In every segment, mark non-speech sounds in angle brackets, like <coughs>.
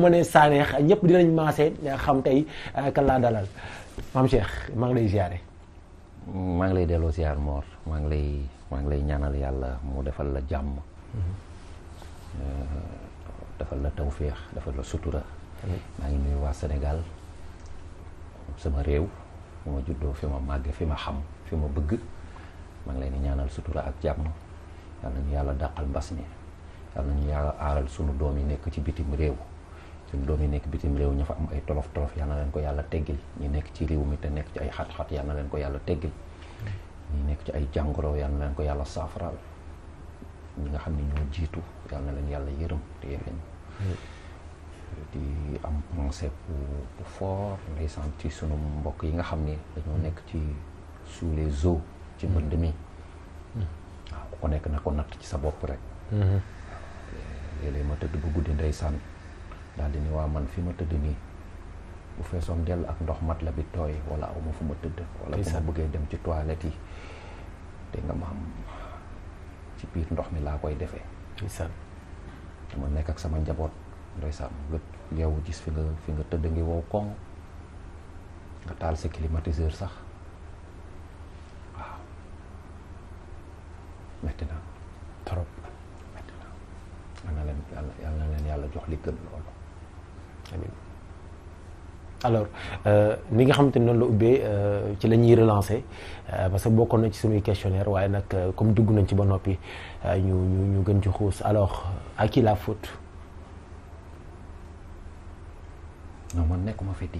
ma ne Sanex ñëpp dinañ maase eh, xam tey eh, kan laa maa ngi lay ziare. maa ngi lay delloo ziar Mor maa ngi lay maa ngi lay ñaanal yàlla mu defal la jàmm. Mm-hmm. Eh, defal la tawféex defal la sutura. maa ngi nuyu waa senegal sama réew moo ma juddoo fi ma màgg fi ma xam fi ma bëgg maa ngi leen di ñaanal sutura ak jàmm yàlla yàlla dàqal mbas mi yàlla ñu yàlla aaral sunu doom yi nekk ci bitim réew. suñ doom yi nekk bitim réew ñu fa am ay tolof tolof yal na leen ko yàlla teggil ñu nekk ci réew mi te nekk ci ay xat-xat yal na leen ko yàlla teggil ñi nekk ci ay jàngoro yal na ko yàlla saafaraal ñi nga xam ne ñoo jiitu yal na leen yàlla yërëm te yefe di am pensée bu fort ndeysaan ci sunu mbokk yi nga xam ne dañoo nekk ci sous les eaux ci mbënd mi hmm. waaw ko nekk na ko natt ci sa bopp rek hmm. léeg-léeg ma tëdd bu daal di ni waaw man fi ma tëdd nii bu feesoon dell ak ndox mat la bi tooy wala aw ma fu ma tëdd wala bu ma bëggee dem ci toilette yi te nga ma am ci biir ndox mi laa koy defee ndeysaan dama nekk ak sama njaboot ndeysaan nga yeewu gis fi nga fi nga tëdd ngi wow koŋ nga taal si climatiseur sax waaw metti na trop metti na leen yàlla yal leen yàlla jox li gën loolu amiin alors euh, ni nga xamante ni noonu la ubbee euh, ci la ñuy relancer euh, parce que bokkoon na ci suñuy questionnaire waaye nag comme dugg nañ ci ba noppi ñu ñu gën ci xuus alors à qui la faute. non man nekkuma fi di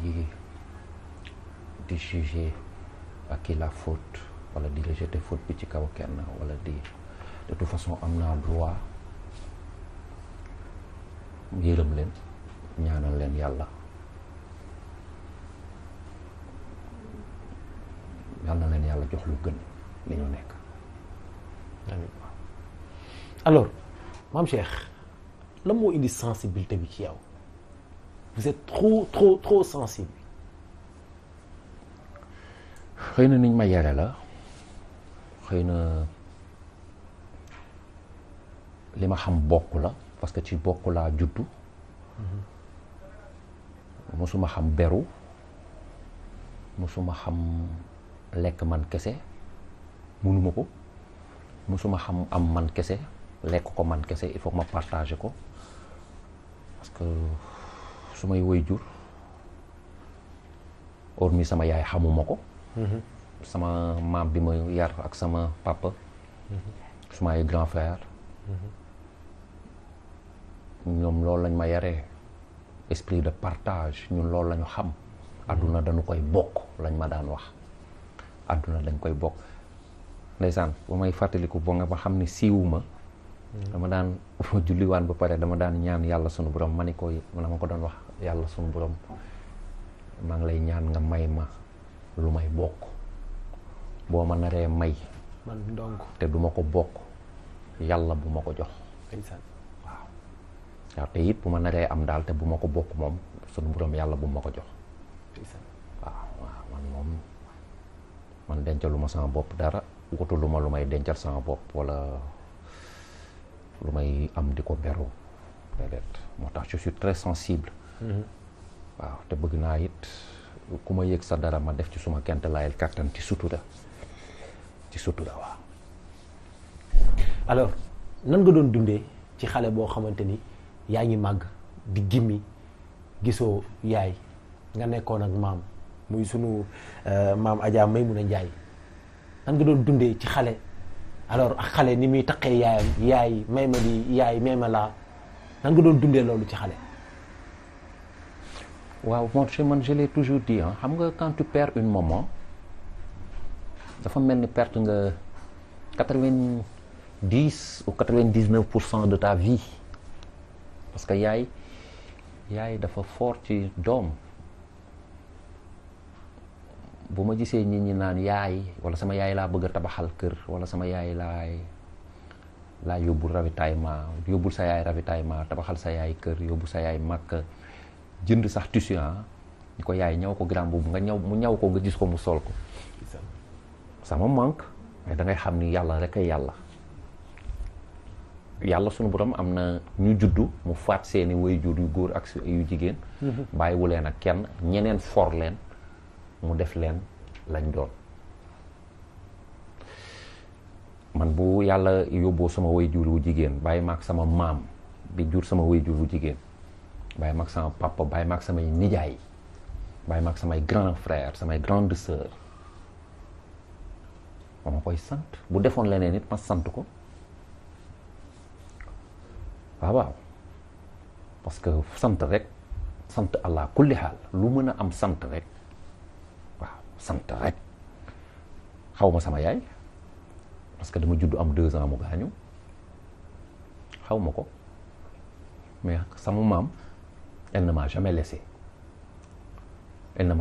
di juger à qui la faute wala di la jeter faute bi ci kaw kenn wala di de toute façon am na droit yërëm leen. ñaanal leen yàlla yàlla na leen yàlla jox lu gën li ñu nekk alors maam Cheikh la moo indi sensibilité bi ci yow vous êtes trop trop trop sensible xëy na niñ ma yare la xëy na li ma xam bokk la parce que ci bokk laa juddu mhm. musuma xam beru mosuma xam lekk man kese munuma ko mosuma xam am man kese lekk ko man kese il faut ma partager ko parce que su may woy jur hormis sama yaay xamuma ko mhm. sama maam bi ma yar ak sama papa mhm. su may grand frère mhm. ñoom loolu lañ ma yaree esprit de partage ñun loolu la ñu xam àdduna hmm. dañu koy bokk lañ ma daan wax àdduna dañ koy bokk ndeysaan bu may fàttaliku ba nga ba xam ne siiwuma hmm. dama daan fa <laughs> julliwaan ba pare dama daan ñaan yàlla suñu borom ma ni ko dama ko doon wax yàlla sunu borom maa ngi lay ñaan nga may ma lu may bokk boo ma naree may man donc te duma ko bokk yàlla bu ma ko jox waaw te it bu ma naree am daal te bu ma ko bokk moom sunu borom yàlla bu ma ko jox. waaw waaw man moom man dencalu ma sama bopp dara wutalu ma lu may dencal sama bopp wala lu may am di ko beru déedéet moo tax je suis très sensible. Mhm. waaw te bëgg naa it ku ma yëg sa dara ma def ci suma kent laayal kàttan ci sutura ci sutura waaw. alors nan nga doon dundee ci xale boo xamante ni. yaa ngi màgg di gimmi gisoo yaay nga nekkoon ak maam muy sunu euh, maam Adja Maymuna Njaay nan nga doon dundee ci xale alors ak xale ni muy taqee yaayam yaay may ma lii yaay may ma laa nan nga doon dundee loolu ci xale waaw mon man je toujours dit ah xam nga quand tu perds une maman dafa mel ni perte nga quatre-vingt-dix ou quatre-vingt-dix-neuf pour cent de vie parce que yaay yaay dafa fort ci doom bu ma gisee nit ñi naan yaay wala sama yaay laa bëgg a tabaxal kër wala sama yaay laay laa yóbbul ravitaillement yóbbul sa yaay ravitaillement tabaxal sa yaay kër yóbbu sa yaay màkk jënd sax tissu ñu ah. ko yaay ñaw ko grand boobu nga ñaw mu ñaw ko nga gis ko mu sol ko. sama manque mais da xam ni yàlla rek ay yàlla. yàlla sunu borom am na ñu juddu mu faat seeni waajur yu góor ak yu jigéen mhm. bàyyiwu leen ak kenn ñeneen for leen mu def leen lañ doon man bu yàlla yóbboo sama waajur wu jigéen bàyyi ma sama maam bi jur sama waajur wu jigéen bàyyi ma ak sama papa bàyyi ma ak samay nijaay bàyyi ma ak samay grand frère samay grande sœur ma ma koy sant bu defoon leneen it ma sant ko waaw parce que sant rek sant allah kulli xaal lu mën a am sant rek waaw sant rek xaw ma sama yaay parce que dama judd am deux ans mu gaañu xaw ma ko mais sama maam elle ne m'a jamais laissé elle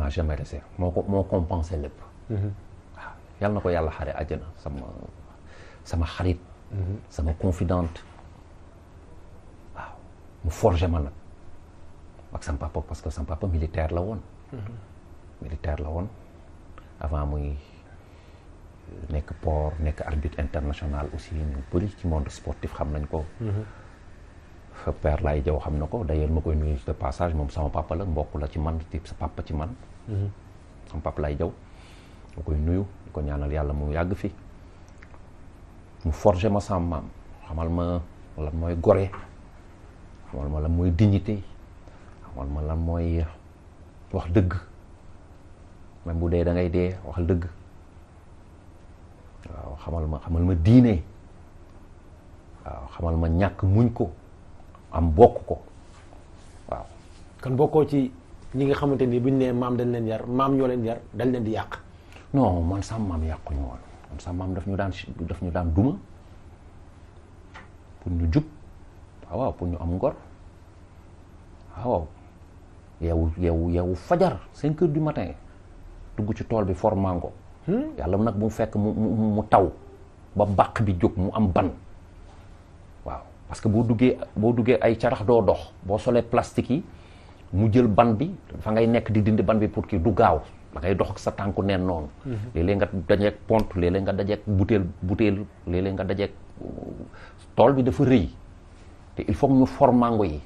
moo ko moo compensé lépp mm-hmm. waaw na ko yàlla xare àjjana sama sama xarit mm-hmm. sama confidente mu forger ma nag ak sama papa parce que sama papa militaire la woon. Mm-hmm. militaire la woon avant muy euh, nekk port nekk arbitre international aussi ñu bëri ci monde sportif xam nañ ko. Mm-hmm. père laay jow xam na ko d'ailleurs ma koy nuyu passage moom sama papa la ci man di sa papa ci man. Mm-hmm. laay jaw ma nuyu di ko ñaanal yàlla mu yàgg fi mu forger ma sama maam xamal ma lan mooy gore. xamal ma lan mooy dignité xamal ma lan mooy wax dëgg même bu dee dangay ngay dee waxal dëgg waaw xamal ma xamal ma diine waaw xamal ma ñàkk muñ ko am bokk ko waaw. kan bokkoo ci ñi nga xamante ni buñ nee maam dañ leen yar maam ñoo leen yar dañ leen di yàq. non man sama maam man sama daf ñu daan daf ñu daan duma pour ñu jub. waaw pour ñu am ngor waaw yow yow yow fajar cinq heures du matin dugg ci tool bi for mango hmm? yàlla nag bu mu fekk mu mu taw ba bàq bi jóg mu am ban waaw parce que boo duggee boo duggee ay carax doo dox boo solee plastique yi mu jël ban bi fa ngay nekk di dindi ban bi pour kii du gaaw da dox ak sa tànku neen noonu mhm. léeg-léeg nga dajeeg pont léeg-léeg nga dajeeg butéel butéel léeg nga dajeeg tool bi dafa rëy te il faut ñu for mango yi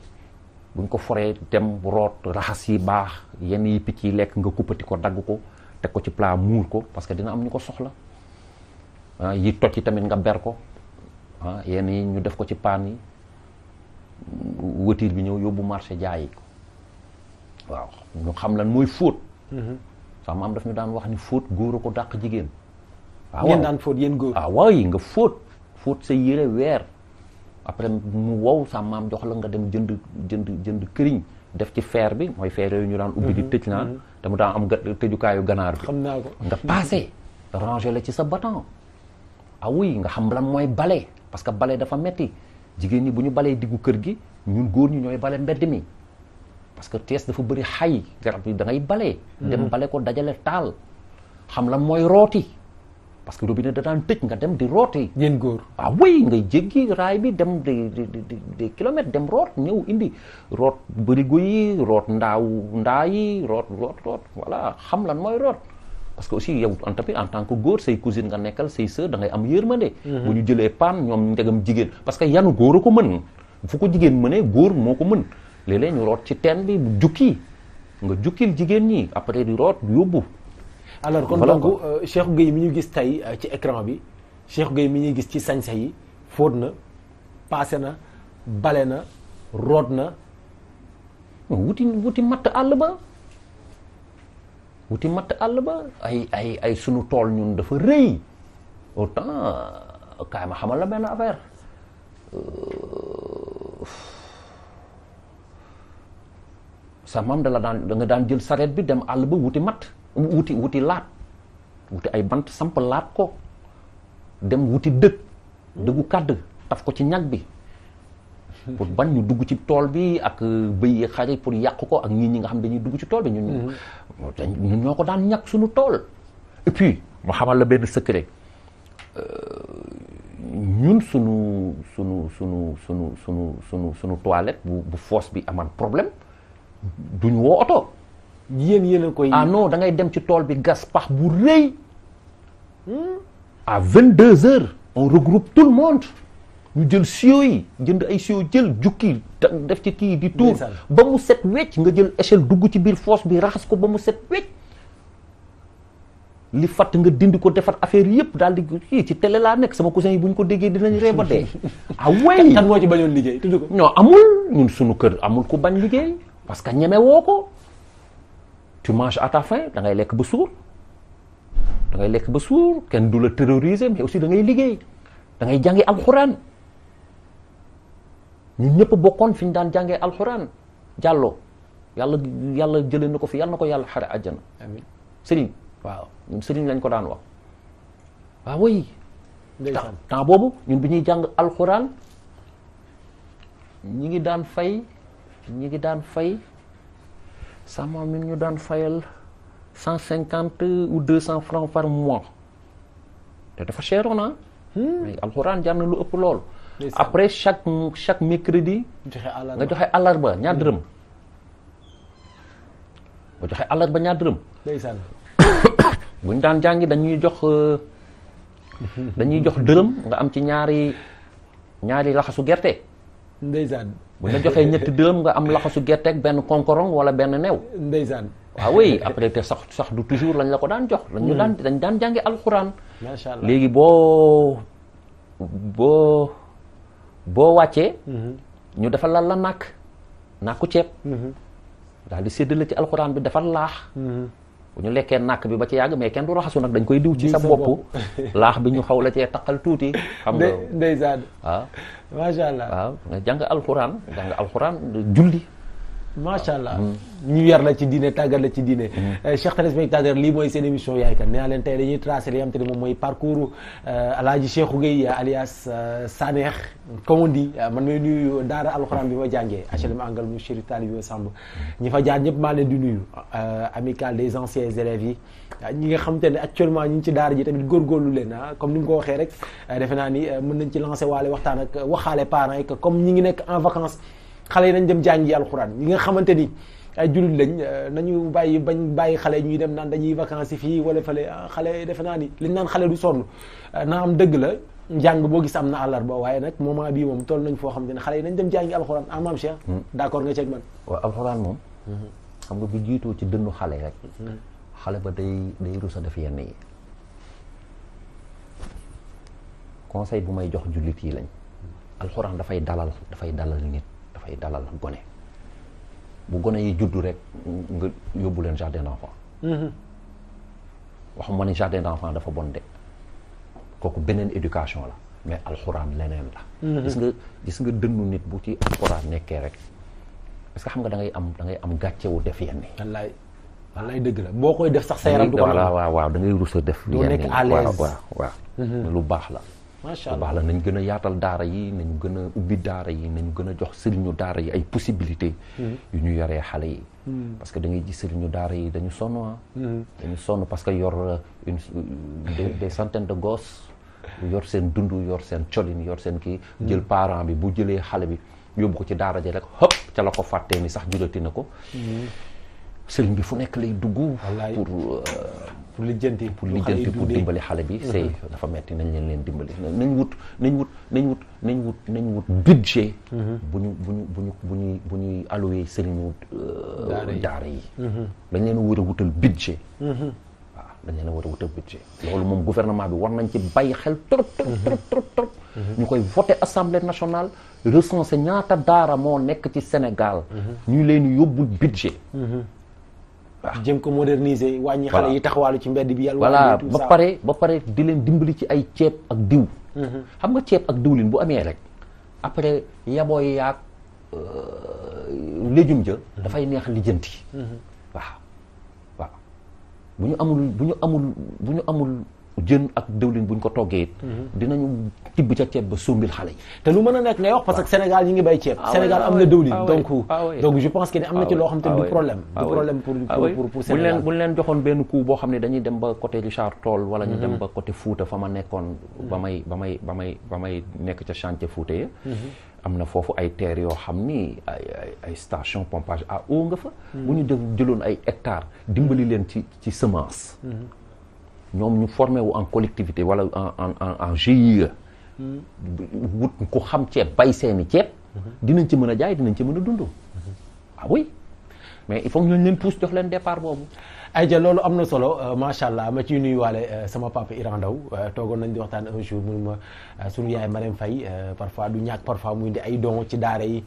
buñ ko foree dem root raxas yi baax yenn yi picc yi lekk nga kuppati ko dagg ko teg ko ci plat muur ko parce que dina am ko soxla ah, yi toj yi tamit nga ber ko ah, yenn yi ñu def ko ci paan yi wëtiir bi ñëw yóbbu marché jaay ko waaw ñu xam lan mooy fóot mhm. sax maam daf ñu daan wax ni fóot góor a ko dàq jigéen ah, waaw ngeen waaw yi nga fóot fóot sa yére weer après mu wow sa maam jox la nga dem jënd jënd jënd këriñ def ci feer bi mooy feer yooyu ñu daan ubbi di mhm. tëj naan te mhm. mu daan am tëjukaayu ganaar bi xam naa ko nga passé ranger la ci sa batan ah oui nga xam lan mooy bale parce que bale dafa metti jigéen ñi bu ñu balee diggu kër gi ñun góor ñi ñooy bale mbedd mi parce que Thiès dafa bëri xay garab yi da ngay bale mhm. dem bale ko dajale taal xam lan mooy rooti parce que robinet da daan tëj nga dem di rooti. yéen góor a ah oui ngay jéggi raay bi dem di di dem root ñëw indi root bërigo yi root ndaaw ndaa yi root root root voilà xam lan mooy root. parce que aussi yow en tamit en tant que góor say cousine nga nekkal say sœur da am yërmande. Mhm. bu ñu jëlee paan ñoom ndegam jigéen parce que yanu góor a ko mën fu ko jigéen mënee góor moo ko mën léeg-léeg ñu root ci teen bi jukki nga jukkil jigéen ñi après di root yóbbu. alors kon donc euh, Cheikh Gueye mi ñu gis tey euh, ci écran bi Cheikh Gueye mi ñuy gis ci sañse yi fóot na paase na bale na root na wuti wuti matt àll ba wuti matt àll ba ay ay ay sunu tool ñun dafa rëy autant kaay ma xamal la benn affaire euh, sa maam da daan da nga daan jël sareet bi dem àll ba wuti matt wuti wuti laat wuti ay bant samp laat ko dem wuti dëgg dëggu kàdd taf ko ci ñag bi pour ban ñu dugg ci tool bi ak euh, bëy xari pour yàq ko ak ñii ñi nga xam dañuy dugg ci tool bi ñun mm-hmm. ñun ñoo ko daan ñàkk suñu tool et puis ma xamal la benn secret euh, ñun suñu suñu suñu suñu suñu suñu suñu toilette bu bu fosse bi amaan problème duñ woo oto yéen yéen ko koy. ah non da ngay dem ci tool bi gas pax bu rëy. à vingt deux heures on regroupe tout le monde ñu jël siyo yi jënd ay siyo jël jukki def ci kii di tuur ba mu set wecc nga jël échelle dugg ci biir fosse bi raxas ko ba mu set wecc li fatt nga dindi ko defar affaire yëpp dal di kii ci télé laa nekk sama cousin yi bu ñu ko déggee dinañ ree ba dee <laughs> ah way kan moo liggéey tudd ko non amul ñun suñu kër amul ku bañ liggéey parce que ñeme woo ko tu manges à ta faim da ngay lekk ba suur lekk ba suur kenn du la terroriser mais aussi da ngay liggéey da ngay jànge alxuraan ñun ñëpp bokkoon fi ñu daan jàngee alxuraan jàlloo yàlla yàlla jëlee na ko fi yàlla na ko yàlla xare àjjana. amiin sëriñ. waaw ñun sëriñ lañ ko daan wax. waaw oui. boobu ñun bi ñuy jàng alxuraan ñi ngi daan fay ñi ngi daan fay. sama min ñu daan fayal cent cinquante ou deux cent francs par mois te dafa cheroon ah. Hmm. mais alxuraan jar lu ëpp lool. après chaque chaque mercredi. nga joxe àllarba ñaar hmm. dërëm. nga joxe àllarba ñaar dërëm. ndeysaan. <coughs> bu ñu daan jàngi dañuy jox euh, dañuy jox dërëm nga am ci ñaari ñaari laxasu gerte. ndeysaan. bu ñu la joxee ñetti dërëm nga am laxasu gerte ak benn konkorong wala benn new ndeysaan. waaw ah oui après te sax sax du toujours lañ la ko daan jox. dañu daan hmm. dañ daan jàngi alxuraan. macha allah léegi boo boo boo wàccee. Hmm. ñu defal la la nàkk nàkku ceeb. Hmm. daal di séddale ci alxuraan bi defal laax. bu ñu lekkee nàkk bi ba ci yàgg mais kenn du raxasu nag dañ koy diw ci sa bopp. laax bi ñu xaw la cee taqal tuuti. xam nga ndeysaan waaw. Ah. macha allah waaw nga jàng alxuraan jàng macha allah hmm. ñu yar la ci diine tàggat la ci diine hmm. eh, chers téléspectateurs li mooy seen émission yaay kan nee leen ne moom mooy parcours eh, alaaji Cheikhou Gueye alias eh, Saneex comme on dit man may nuyu daara alxuraan bi ma jàngee HLM Angle mu Chérif Talib Samb hmm. ñi fa jaar ñëpp maa leen di nuyu amicale des anciens élèves yi ñi nga xam te ne actuellement ñi ngi ci daar ji tamit góorgóorlu leen ah, comme ni nga ko waxee rek defe naa ni mën nañ ci lancé waale waxtaan ak waxaale parents yi comme ñi ngi nekk en vacances xale yi nañ dem jàngi alxuraan yi nga xamante ni ay jullit lañ euh, nañu bàyyi bañ bàyyi xale ñuy dem naan dañuy vacances fii wala fale ah, xale defe naa ni liñ naan xale du sonn euh, na am dëgg la njàng boo gis am na àllarba waaye nag moment bii moom toll nañ foo xam ne xale yi nañ dem jàngi alxuraan ah maam Cheikh. Hmm. d'accord nga ceeg man. waaw alxuraan moom. Hmm. xam nga bu jiitoo ci dënnu xale rek. Hmm. xale ba day day rusa def yenn yi. bu may jox jullit yi lañ. alxuraan dafay dalal dafay dalal nit. dafay dalal gone bu gone yi juddu rek nga yóbbu leen jardin d'enfant mhm. waxuma ni jardin d'enfant dafa bon de kooku beneen éducation la mais alxuraan leneen la mhm. gis nga gis nga dënnu nit bu ci alxuraan nekkee rek parce que xam nga da am da ngay am gàccewu def yenn yi la boo koy def sax sa yaram du ko waaw waaw da ngay rusa def yenn mhm. lu baax la macha allah baax la nañ gën a yaatal daara yi nañ gën a ubbi daara yi nañ gën a jox sëriñu daara yi ay possibilité hmm. yu ñu yoree xale yi. Hmm. parce que da ngay gis sëriñu daara yi dañu sonn ah. Hmm. dañu sonn parce que yor une des centaines de gosses. yor seen dund yor seen colin yor seen kii. jël parent bi bu jëlee xale bi yóbbu ko ci daara ji rek hop ca la ko fàttee ni sax julati na ko. sëriñ bi fu nekk lay dugg. pour euh, pour lijjanti pour lijjanti pour dimbali xale bi. Uh-huh. c'est dafa metti nañ leen leen dimbali nañ wut nañ wut nañ wut nañ wut nañ wut budget. Uh-huh. bu ñu bu ñu bu ñu bu ñuy bu ñuy alloué sëriñu. Euh, daara yi uh-huh. dañ leen a war a wutal budget. waaw dañ leen a war loolu moom gouvernement bi war nañ ci bàyyi xel trop trop trop trop. ñu koy voté assemblée nationale se ñaata daara moo nekk ci Sénégal. ñu leen yóbbul budget. jëm ko moderniser wàññi xale yi taxawaalu ci mbedd bi yàlla voilà ba pare ba pare di leen dimbali ci ay ceeb ak diw mhm. xam nga ceeb ak diwlin bu amee rek après yabooy yaag euh, légume ja mhm. dafay neex lijjanti mhm. waaw waaw bu bu ñu amul bu ñu amul jën ak dëwlin buñ ko toggee it mhm. dinañu tibb ca ceeb ba sumbil xale yi te lu mën a nekk ngay wax parce que ah. Sénégal ñi ngi bay ceeb ah Sénégal am ah na dëwlin donc donc pense que ne am na ci loo xam te du problème du problème pour pour Sénégal buñ leen joxoon benn coup boo xam ne ba côté Richard Toll wala ñu dem mhm. ba côté Fouta fa ma nekkoon mhm. ba may ba may ba may nekk ca chantier Fouta ya am na foofu ay terre yoo xam ni ay ay station pompage a eau nga fa bu ñu def jëloon ay hectares dimbali leen ci ci semence ñoom ñu formé wu en collectivité wala en en en en GIE. wut ku xam ceeb bay seeni ceeb. dinañ ci mën a jaay dinañ ci mën a dund. ah mais il faut que ñu leen pousse jox leen départ boobu. ay ayja loolu am na solo euh, macha allah ma ci nuyu waale euh, sama papa Iran Ndaw euh, toogoon nañ di waxtaan un jour mun ma sunu yaay Marème Faye parfois du ñàkk parfois muy indi ay don ci daara yi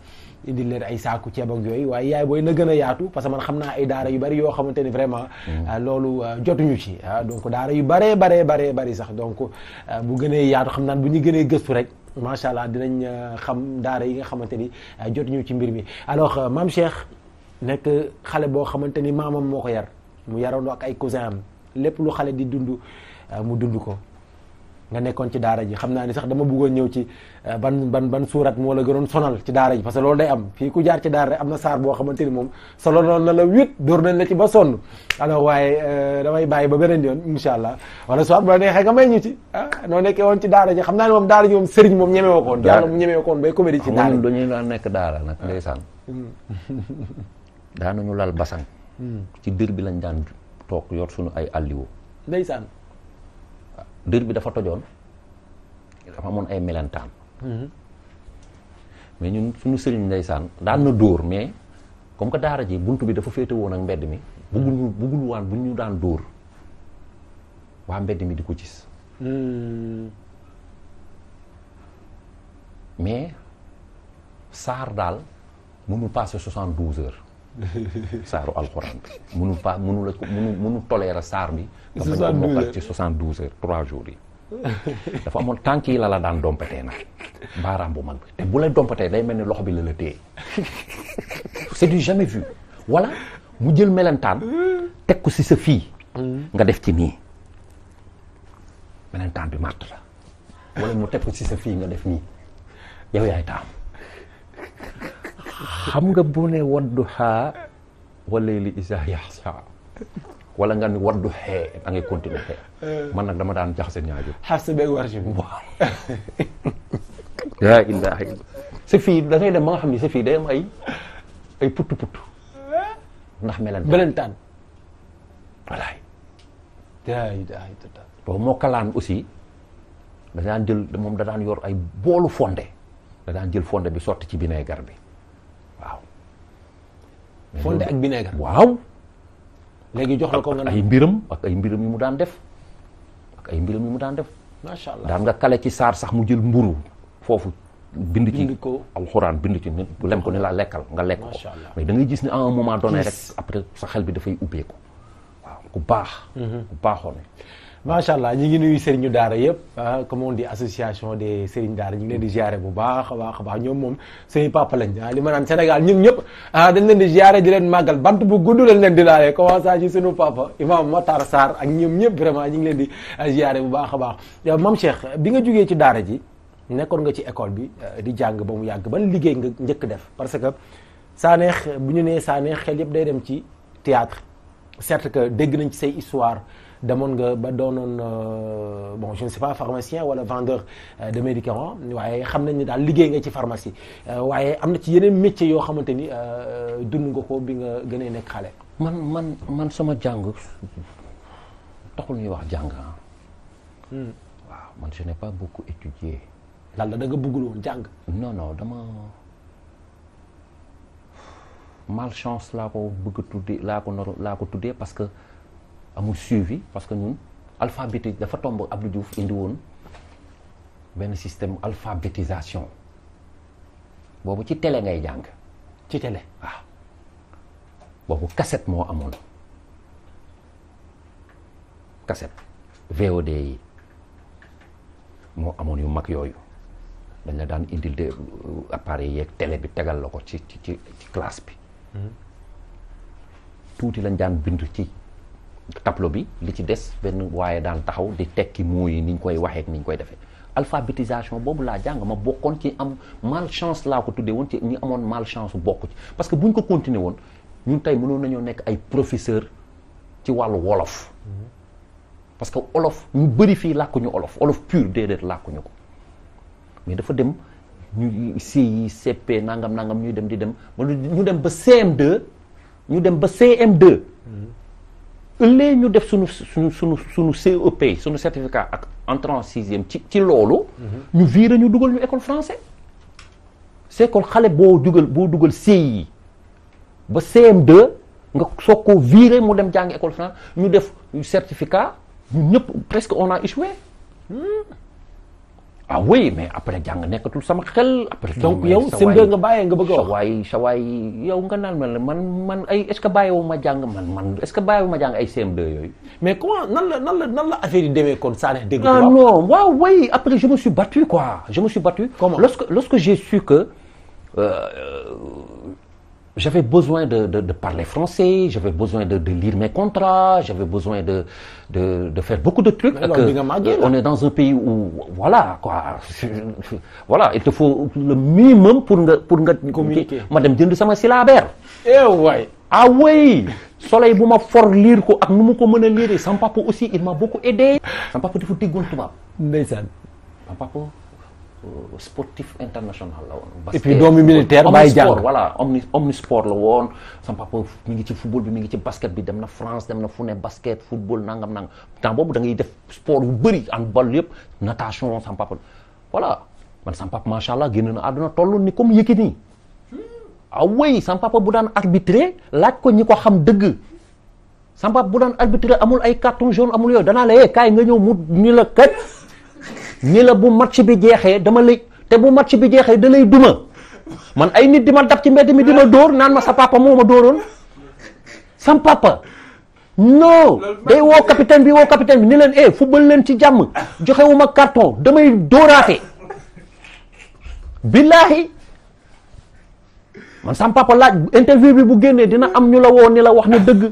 indi ay saaku ceeb ak yooyu yaay booy na gën yaatu parce que man xam naa ay daara yu bari yoo xamante ni vraiment mm-hmm. loolu jotuñu ci ah, donc daara yu baree baree baree bari sax donc bu gënee yaatu xam naan bu ñu gënee gëstu rek macha allah dinañ xam daara yi nga xamante ni jotuñu ci mbir mi alors maam Cheikh nekk xale boo xamante ni maamam moo ko yar mu yarandoo ak ay cousin am lépp lu xale di dund euh, mu dund ko nga nekkoon ci daara ji xam naa ni sax dama bëggoon ñëw ci euh, ban ban ban suurat moo la gënoon sonal ci daara ji parce loolu day am fii ku jaar ci daara am na saar boo xamante ni moom solo noonu na la wét dóor nañ la ci ba sonn alors waaye euh, damay bàyyi ba beneen yoon incha allah wala soit bu la neexee nga may ñu ci ah noo nekkee woon ci daara ji xam naa ne moom daara ji moom sëriñ moom ñeme woo ko woon daara mu ñeme woo ko woon bay comédie ci daara dañuy daan nekk daara nag ndeysaan hmm. daanuñu lal basang ci dër bi lañ daan toog yor suñu ay alliwo ndeysaan dër bi dafa tojoon dafa amoon ay melentaan mhm. mais ñun suñu sëriñ ndeysaan daan na dóor mais comme que daara ji bunt bi dafa féete woon ak mbedd mi buggul buggul waan bu ñu daan dóor waa mbedd mi di ko gis mhm. mais saar daal mënul passé soixante douze heures saaru alxuraan bi munu munu la ko munu munu tolérer saar bi nga bañ ko mokkal ci soixante douze heures trois jours yi dafa amoon tànk yi la la daan dompatee nag baaraam bu mag te bu la dompatee day mel ni loxo bi la la téye c'est du jamais vu mu jël melentaan teg ko si sa fii nga def ci nii melentaan bi màtt la wala mu teg ko si sa fii nga def nii yow yaay taam xam nga bu ne waddu xaa wala li isa yaxsa wala nga ni waddu xee da ngay xee eh. man nag dama daan jaxase ñaar yëpp. xase beeg war si waaw. yaa <laughs> ilaaha fii dem ba nga xam ni sa fii day am ay ay putu putu ndax melentaan melentaan. walaay. yaa moo kalaan aussi da daan jël moom da daan yor ay boolu fonde da daan jël fonde bi sotti ci vinaigre bi. waaw. fonde ak vinaigre. waaw. jox la ko nga ay mbiram ak mu daan def ay mbiram yu mu daan def. macha allah daan nga ci saar sax mu jël mburu foofu. bind ci alxuraan bind ci lem ko ni laa lekkal nga lekk ko mais da ngay gis ni en un moment donné rek après sa xel bi dafay ubbeeku waaw ku baax mm-hmm. ku baaxoon macha allah ñu ngi nuyu Serigne Daara yëpp ah comme on dit association des Serigne Daara ñu ngi leen di ziare bu baax a baax a baax ñoom moom suñu papa lañ ah li ma naan Sénégal ñun ñëpp ah dañ leen di ziare di leen màggal bant bu gudd lañ leen di laalee commencé ci suñu papa ak ñoom ñëpp vraiment ñu ngi leen di ah, ziare bu baax a baax Mame Cheikh bi nga jugee ci Daara ji nekkoon nga ci école bi ah, di jàng ba mu yàgg ban liggéey nga njëkk def parce que Sanekh bu ñu nee saanee xel yëpp day dem ci théâtre certes que dégg nañ ci say histoire. demoon nga ba doonoon euh, bon je ne sais pas pharmacien wala vendeur euh, de médicaments waaye xam nañ ne daal liggéey nga ci pharmacie euh, waaye am na ci yeneen métiers yoo xamante ni dund nga ko bi nga gënee nekk xale. man man man sama jàng taxul ñuy wax jàng ah. Hmm. waaw man je pas beaucoup étudié. lan la da nga bëggul woon jàng. non non dama malchance laa ko bëgg a tuddee laa ko nar laa ko tuddee parce que. amul suivi parce que ñun alphabétique dafa tomb Abdou Diouf indi woon benn système alphabétisation boobu ci télé ngay jàng. ci télé waaw boobu cassette moo amoon cassette VOD yi moo amoon yu mag yooyu dañ la daan indil de euh, appareil yeeg télé bi tegal la ko ci ci ci classe bi. Hmm. tuuti lañ daan bind ci. tableau bi li ci des benn waaye daan taxaw di tekki mots yi ni koy waxee ni koy defee alphabétisation boobu laa jàng ma bokkoon ci am malchance laa ko tuddee woon ci ñi amoon malchance bokk ci parce que bu ñu ko continuer woon ñun tey mënoon nañoo nekk ay professeur ci wàllu wolof parce que olof ñu bëri fii làkkuñu olof olof pur déedéet làkkuñu ko mais dafa dem ñu CI CP nangam nangam ñuy dem di dem ñu dem ba cm ñu dem ba CM2 ëllëgee ñu def suñu suñu sunu suñu CEP suñu certificat ak entrée en sixième ci ci loolu. ñu viré ñu dugal ñu école français. c'est xale boo dugal boo dugal CI ba cm nga soog koo viré mu dem jàngi école français ñu def certificat ñu ñëpp presque on a échoué. Hmm. a oui mais après jàng nekkatul sama xel. après donc yow sëmbe nga bàyyee nga bëgg a wax. sawaay sawaay yow nga naan ma man man ay est ce que bàyyiwu ma jàng man man est ce ma jàng ay CM2 yooyu. mais comment nan la nan la nan la kon saa dégg ah non waaw oui après je me suis battu quoi je me suis battu. comment lorsque j'ai su que. Euh, j'avais besoin de, de, de, parler français, j'avais besoin de, de, lire mes contrats, j'avais besoin de, de, faire beaucoup de trucs. Que, maguille, on est dans un pays où, voilà, quoi, voilà, il te faut le minimum pour, nga communiquer. Madame Dieu, ça m'a syllabaire. Eh ouais. Ah oui soleil bu ma for lire ko ak nu mu ko mën a lire sama aussi il m'a beaucoup aidé. sama papa dafa déggoon tubaab. ndeysaan. sama Uh, sportif international la woon. basket et puis doomu militaire bàyyi omni omnisport la woon. sama papa ngi ci football bi mi ngi ci basket bi dem na France dem na fu ne basket football nangam nangam temps boobu da ngay def sport yu bëri handball yëpp natation woon sama papa. voilà man sama papa macha allah génn na àdduna ni comme Yékini ah oui sama papa bu daan arbitré laaj ko ñi ko xam dëgg. sama papa bu daan arbitré amul ay carton jaune amul yooyu danaa la yee eh, kaay nga ñëw mu ni la kat. ni la bu match bi jeexee dama lay te bu match bi jeexee dalay duma man ay nit di ma dab ci mbedd mi di ma dóor naan ma sa papa moo ma dóoroon sam papa non day woo capitaine bi woo capitaine bi ni leen eh football leen ci jàmm joxewuma carton damay dóoraate billaahi man sam laaj interview bi bu génnee dina am ñu la woo ni la wax na dëgg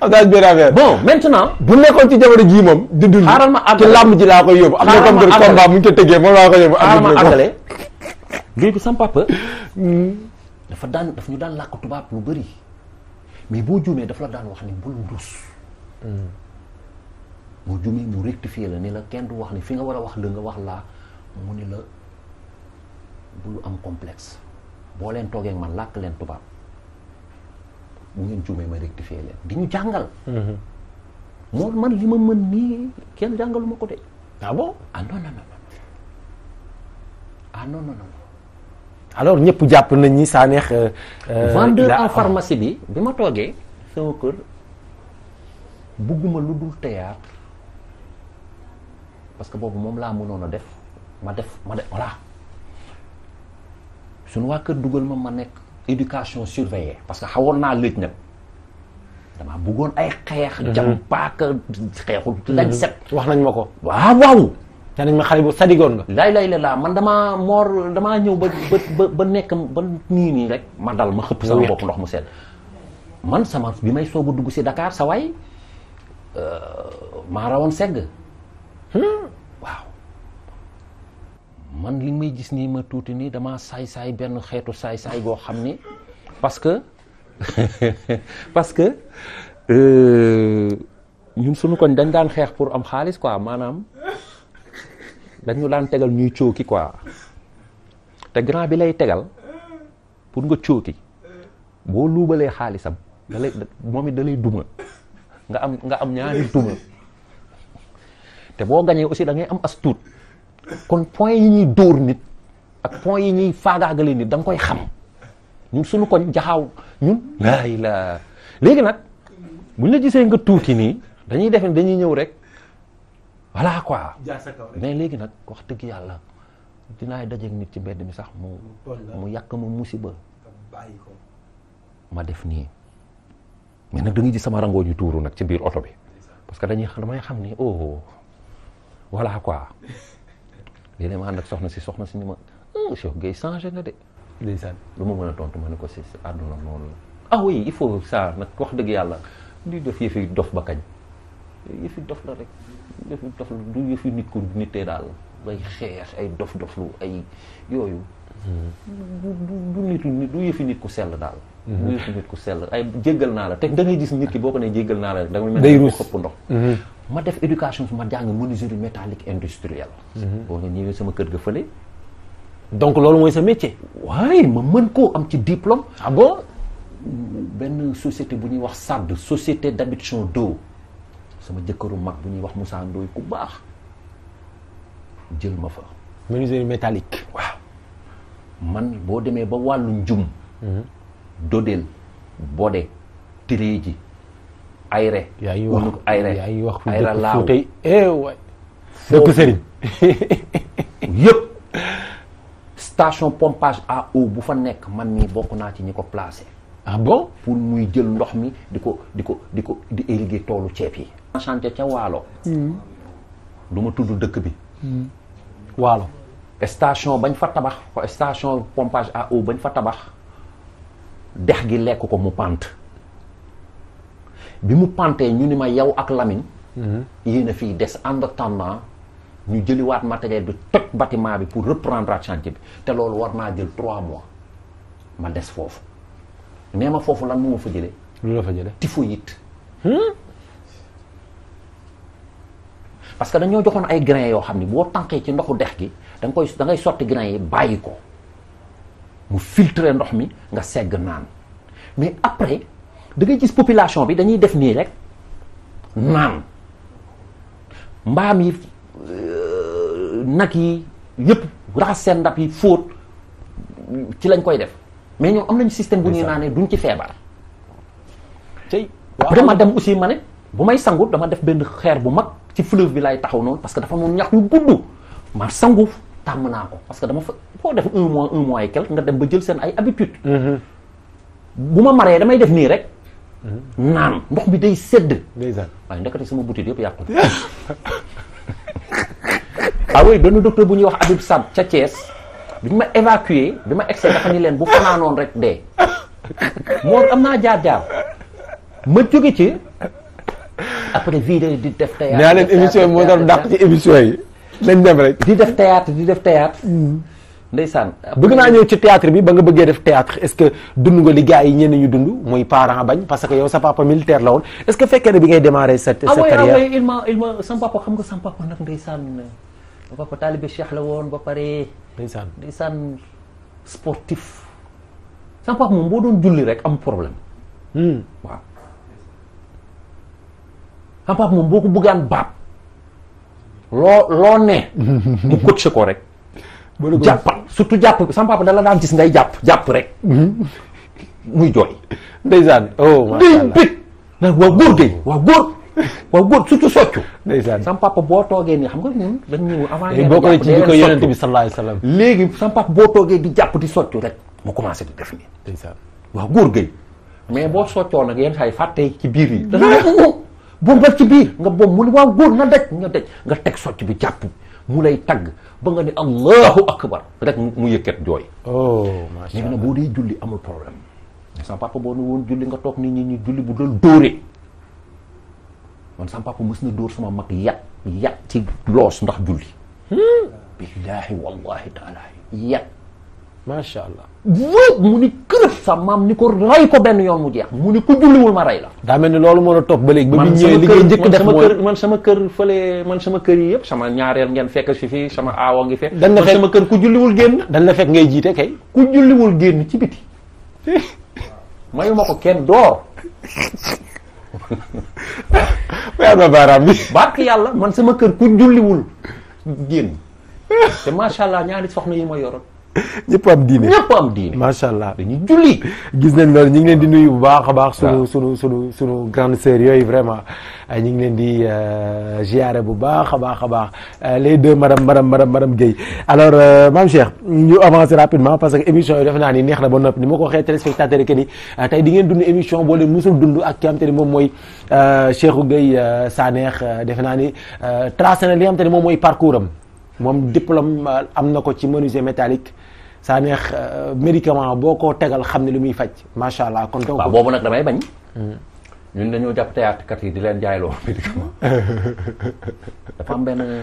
am naa benn affaire. bon maintenant. bu nekkoon ci jamono jii moom. di xaaral ma àggale ci làmb ji laa koy yóbbu. am na comme que combat mu ngi ca tëggee moom laa koy yóbbu. xaaral ma àggale léegi hmm. dafa daan daf ñu daan làkk tubaab lu bari mais boo juumee daf la daan wax ni bul ndus. Hmm. boo juumee mu rectifier la ni la kenn du wax ni fi nga war a wax la wax laa mu ni la bul am complexe boo leen toogee man làkk leen tubaab. bu ngeen juumee ma rectifier leen di ñu jàngal. Mhm. moom man li ma mën nii kenn jàngalu ma ko de. ah bon ah na non non non ah alors ñëpp jàpp nañ ni saa neex. Euh, euh, vendeur en bi bi ma toogee sama kër bugguma lu dul théâtre parce que boobu moom laa mënoon a def ma def ma def voilà sunu waa kër dugal ma ma nekk. éducation surveillée parce que xawoon naa lëj nag damaa bëggoon ay xeex. Mhm. jam paaka xeexul. lañ mhm. set wax nañ ma ko. waaw waaw. te nañ ma xale bu sadigoon nga. lay lay la laa man dama moor damaa ñëw ba nekk ba nii nii rek ma dal ma xëpp sama bopp ndox mu sedd. man sama bi may soog a dugg si dakaar sa waay euh, maa rawoon segg. Hmm. waaw. man li may gis nii ma tuuti nii damaa saay-saay benn xeetu saay-saay goo xam ni parce que <laughs> parce que euh, ñun suñu koñ dañ daan xeex pour am xaalis quoi maanaam dañu daan tegal ñuy cóoki quoi te grand bi lay tegal pour nga cóoki boo luubalee xaalisam da lay moom it da duma nga am nga am ñaari duma te boo gañee aussi da ngay am as kon point yi ñuy dóor nit ak point yi ñuy faagaagale nit danga koy xam ñun suñu koñ jaxaaw ñun laay la léegi nag buñ la gisee nga tuuti nii dañuy defe dañuy ñëw rek voilà quoi mais léegi nag wax dëgg yàlla dinaay dajeeg nit ci mbedd mi sax mu mu yàq ma musiba ma def nii mais nag da ngay gis sama rangoo ñu tuuru nag ci biir oto bi parce que dañuy damay xam ni oh voilà quoi <laughs> léeg-léeg ma ànd ak soxna si soxna si ñu ma ah Cheikh Gueye changé na de. ndeysaan lu ma mën a tontu ma ne ko si àdduna noonu la. ah oui il faut ça nag wax dëgg yàlla di def yëfi dof ba kañ yëfi dof la rek yëfi dof du yëfi nit ku daal ay xeex ay dof-doflu ay hmm. du du du yëfi nit sell daal. Hmm. du yëfi nit ku sell ay jéggal naa la te da ngay gis nit ki boo ko nee jéggal naa la rek. da nga mel xëpp ndox. Hmm. ma def éducation fu ma jàng menuiserie métallique industrielle. Mhm. boo nga ñëwee sama kër ga fële. donc loolu mooy sa métier. waaye ma mën koo am ci diplôme. ah bon benn société bu ñuy wax SAD société d'habitation d'eau sama jëkkëru mag bu ñuy wax Moussa Ndoye ku baax jël ma fa. menuiserie métallique. waaw man boo demee ba wàllu njum. Mhm. dodel bode tiree ji. ayre yaa ngi wax ayre yaa ngi wax fu dëkk tey eh waay dëkk sëriñ <laughs> yëpp station pompage à bu fa nekk man mii bokk naa ci ñi ko placé ah bon pour muy jël ndox mi di ko di ko di ko di irriguer toolu ceeb yi enchanté ca waalo hmm. du tudd dëkk bi hmm. waalo station bañ fa tabax station pompage à eau bañ fa tabax dex gi lekk ko mu pant bi mu pantee ñu ni ma yow ak lamin mhm. yéen a fii des en ñu jëliwaat matériel bi toj bâtiment bi pour reprendre at chantier bi te loolu war naa jël trois mois ma des foofu nee ma foofu lan moo ma fa jëlee. lu la fa jëlee typhoïde. Hmm? parce que dañoo joxoon ay grains yoo xam ni boo tànkee ci ndoxu dex gi da nga koy da ngay sotti grains yi bàyyi ko mu filtre ndox mi nga segg naan mais après. da ngay gis population bi dañuy def nii rek naan mbaam yi euh, nag yi yëpp raxas seen ndab yi fóot ci lañ koy def mais ñoom am nañu système bu ñuy naanee duñ ci feebar. te dama dem aussi ma ne bu may sangu dama def benn xeer bu mag ci fleuve bi laay taxaw noonu parce que dafa moom ñax yu gudd ma sangu tàmm naa ko parce que dama fa foo def un mois un mois et quelque nga dem ba jël seen ay habitude mm-hmm. bu ma maree damay def nii rek. naan ndox bi day sedd. waaye ndekete sama butit yëpp yàqu na. <laughs> ah oui benn docteur bu ñuy wax Habib Sab ca Thiès bi ma évacué bi ma egsee dafa ni leen bu fanaanoon rek dee moo am naa jaar-jaar ma jóge ci après vie di def théâtre. naa leen émission yi moo doon dàq ci émission yi. lañ dem rek. di def théâtre di def théâtre. Hmm. ndeysaan bëgg naa ñëw ci théâtre bi ba nga bëggee def théâtre est-ce que dund nga li gars yi ñenn ñu dund muy parent bañ parce que yow sa papa militaire la woon est-ce que fekkee ne bi ngay démarrer sa sa ah ah carrière il ma il ma sama papa xam nga sama papa nag ndeysaan sama papa taalibe cheikh la woon ba pare ndeysaan ndeysaan sportif sama papa moom boo rek am problème hmm. waaw sama papa moom boo ko bëggaan baab loo loo ne mu coaché ko rek jàppal surtout jàpp sama papa da la daan gis ngay jàpp jàpp rek mhm. muy jooy ndeysaan day bég naan waaw góor day waaw góor waaw góor soccu ndeysaan boo toogee nii xam nga ñun dañ ñëw avant eh, boo ko ci bi ko yonent bi léegi sama papa boo di jàpp di soccu rek mu commencé di def nii ndeysaan waaw góor gay mais boo soccoo nag yenn saa yi fàttee ci biir yi dana boobu ci biir nga boobu mu ne waaw góor na daj nga daj nga teg socc bi jàpp mu lay tagg ba nga ne allahu akbar rek mu yëkkat jooy oh, léegi nag boo dee julli amul problème sama papa boo ne woon julli nga toog ni ñi ñu julli bu dal dóoree man sama papa na dóor sama mag yat yat ci loos ndax julli hmm? billaahi wallahi taala yat macha allah yëpp mu ni kërëf sa maam ni ko rey ko benn yoon mu jeex mu ni ku julliwul ma rey la daa mel ni loolu moo la topp ba léegi ba bi ñëwee li ngay njëkk def mooy man sama kër fële man sama kër yi yëpp sama ñaareel ngeen fekk si fii sama aawo ngi fekk dañ la fekk sama kër ku julliwul génn dañ la fekk ngay jiite kay ku julliwul génn ci biti mayu ma ko kenn door <laughs> yaa ma baaraam bi barke yàlla man sama kër ku julliwul génn te macha allah ñaari soxna yi ma yoroon <laughs> ñëpp am diine ñëpp am diine macha allah dañuy julli. gis nañ loolu ñu ngi leen di nuyu bu baax a baax. sunu sunu sunu sunu grande sœur yooyu vraiment ah, ñu ngi leen di euh, ziare bu baax a baax a baax euh, les deux madame madame madame madame Guèye alors euh, maam Cheikh ñu avancer rapidement parce que émission yi def naa ni neex na ba noppi ni ma ko waxee téléspectateur yi que ni tey di ngeen dund émission boo leen musul dund ak ki nga xam te moom mooy Cheikhou Guèye Sanex defe naa ni tracé na li nga xam moom mooy parcours am. moom diplôme euh, am na ko ci menuisier métallique saa neex euh, médicament boo ko tegal xam ne lu muy faj macha allah kon donc waaw boobu nag damay bañ ñun dañoo jàpp théâtre kat yi di leen jaay loo <laughs> médicament dafa am benn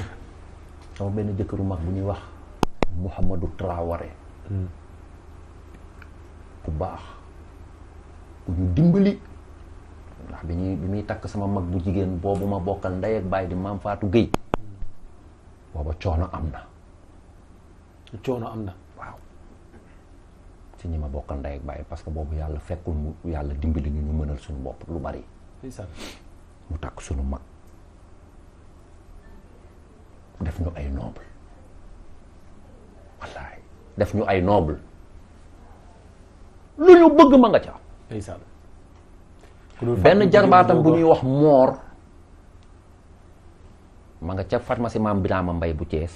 sama benn jëkkëru mag bu ñuy wax Mouhamadou Traoré bu hmm. baax ku ñu dimbali ndax bi ñuy bi muy takk sama mag bu jigéen boobu ma bokkal ndey ak baay di maam faatu Gueye booba coono am na. coono am na. waaw ci ñi ma bokkal ndey ak bàyyi parce que boobu yàlla fekkul mu yàlla dimbali ñu ñu mënal suñu bopp lu bari. mu suñu mag ay noble def ñu ay noble lu ñu bëgg ma nga ca benn jarbaatam bu ñuy wax moor ma nga ca pharmacie maam Birama Mbay bu Thiès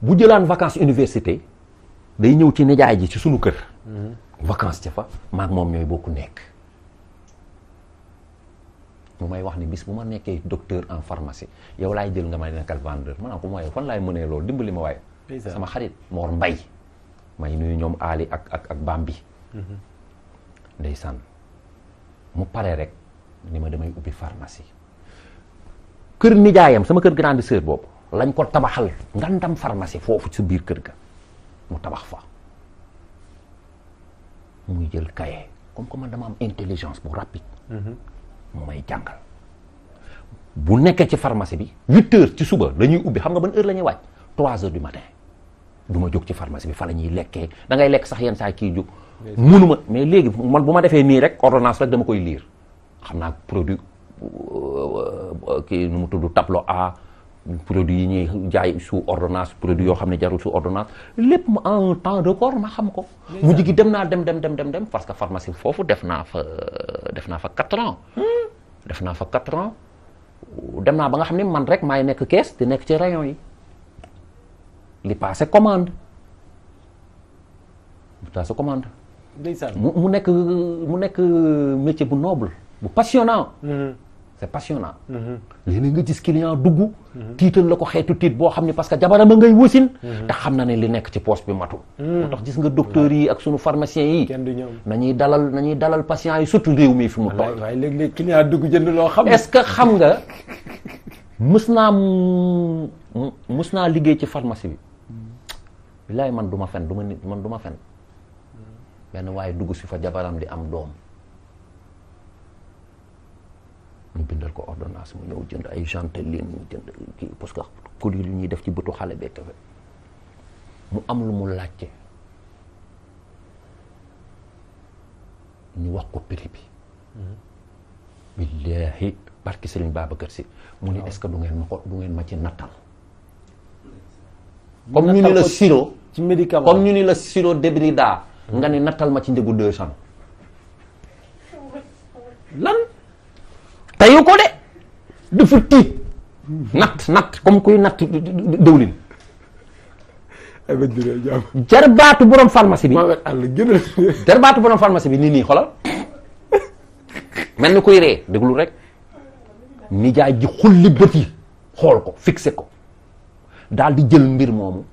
bu jëlaan vacances université day ñëw ci nijaay ji ci sunu kër. Mhm. vacances ca fa maag moom ñooy bokku nekk. mu may wax ni bis bu ma nekkee docteur en pharmacie yow laay jël nga ma nekkal vendeur ma ne ko mooy fan laay mënee loolu dimbali ma waaye. sama xarit moor Mbay may nuyu ñoom Ali ak ak ak Bambi. Mhm. ndeysaan mu pare rek ni ma damay ubbi pharmacie. kër nijaayam sama kër grande sœur boobu lañ ko tabaxal ngandam pharmacie foofu sa biir kër ga mu tabax fa muy jël kaye comme que man dama am intelligence bu rapide mhm. mu may jàngal bu nekkee ci pharmacie bi huit heures ci suba la ubbi xam nga ban heure la ñuy wàcc trois heures du matin du ma jóg ci pharmacie bi fa la ñuy lekkee da ngay lekk sax yenn saa kii jóg munuma mais léegi man bu ma defee nii rek ordonnance rek dama koy liir xam naa produit Euh, kii nu mu tudd tableau A produit yi ñuy jaay su ordonnance produit yoo xam ne jarul sous ordonnance lépp mu en temps record ma xam ko. mu jigi dem naa dem dem dem dem dem parce que pharmacie foofu def naa fa def naa fa quatre ans. Hmm. def naa fa quatre ans dem naa ba nga xam ne man rek maay nekk kees di nekk ci rayon yi li passé commande li passé commande. mu nekk mu nekk métier bu noble bu passionnant. Hmm. c'est passionnant. Mhm. léeg-léeg nga gis client dugg. Mhm. tiital la ko xeetu tiit boo xam ne parce que jabarama ngay wasin mhm. te xam na ne li nekk ci poche bi matul. moo tax gis nga docteurs yi ak sunu pharmaciens na ñuy dalal ñuy dalal patients yi surtout réew mi fi mu toll. waaye léeg-léeg client dugg jënd loo xam. est-ce xam nga mës naa mës naa liggéey ci pharmacie bi. bilaay man du ma fen du ma nit man duma ma fen benn waaye dugg si fa jabaram di am doom. ñu bindal ko ordonnance mu ñëw jënd ay gentéline mu jënd kii parce que coli lu ñuy def ci bëtu xale bee kafe mu am lu mu laajte ñu wax ko prix bi mm-hmm. billaahi barki Sëriñ Babacar Si mu ne est-ce que du ngeen ma ko du ngeen ma ci nattal comme ñu ni la sirop ci médicament comme ñu ni la siro sirop daa nga mm-hmm. ni nattal ma ci njëgu deux cent <laughs> teyu ko de dafa tiit natt natt comme kuy natt dëwlin jarbaatu borom pharmacie bi jarbaatu borom pharmacie bi nii nii xolal mel ni kuy ree déglu rek nijaay ji xulli bët yi xool ko fixé ko daal di jël mbir moomu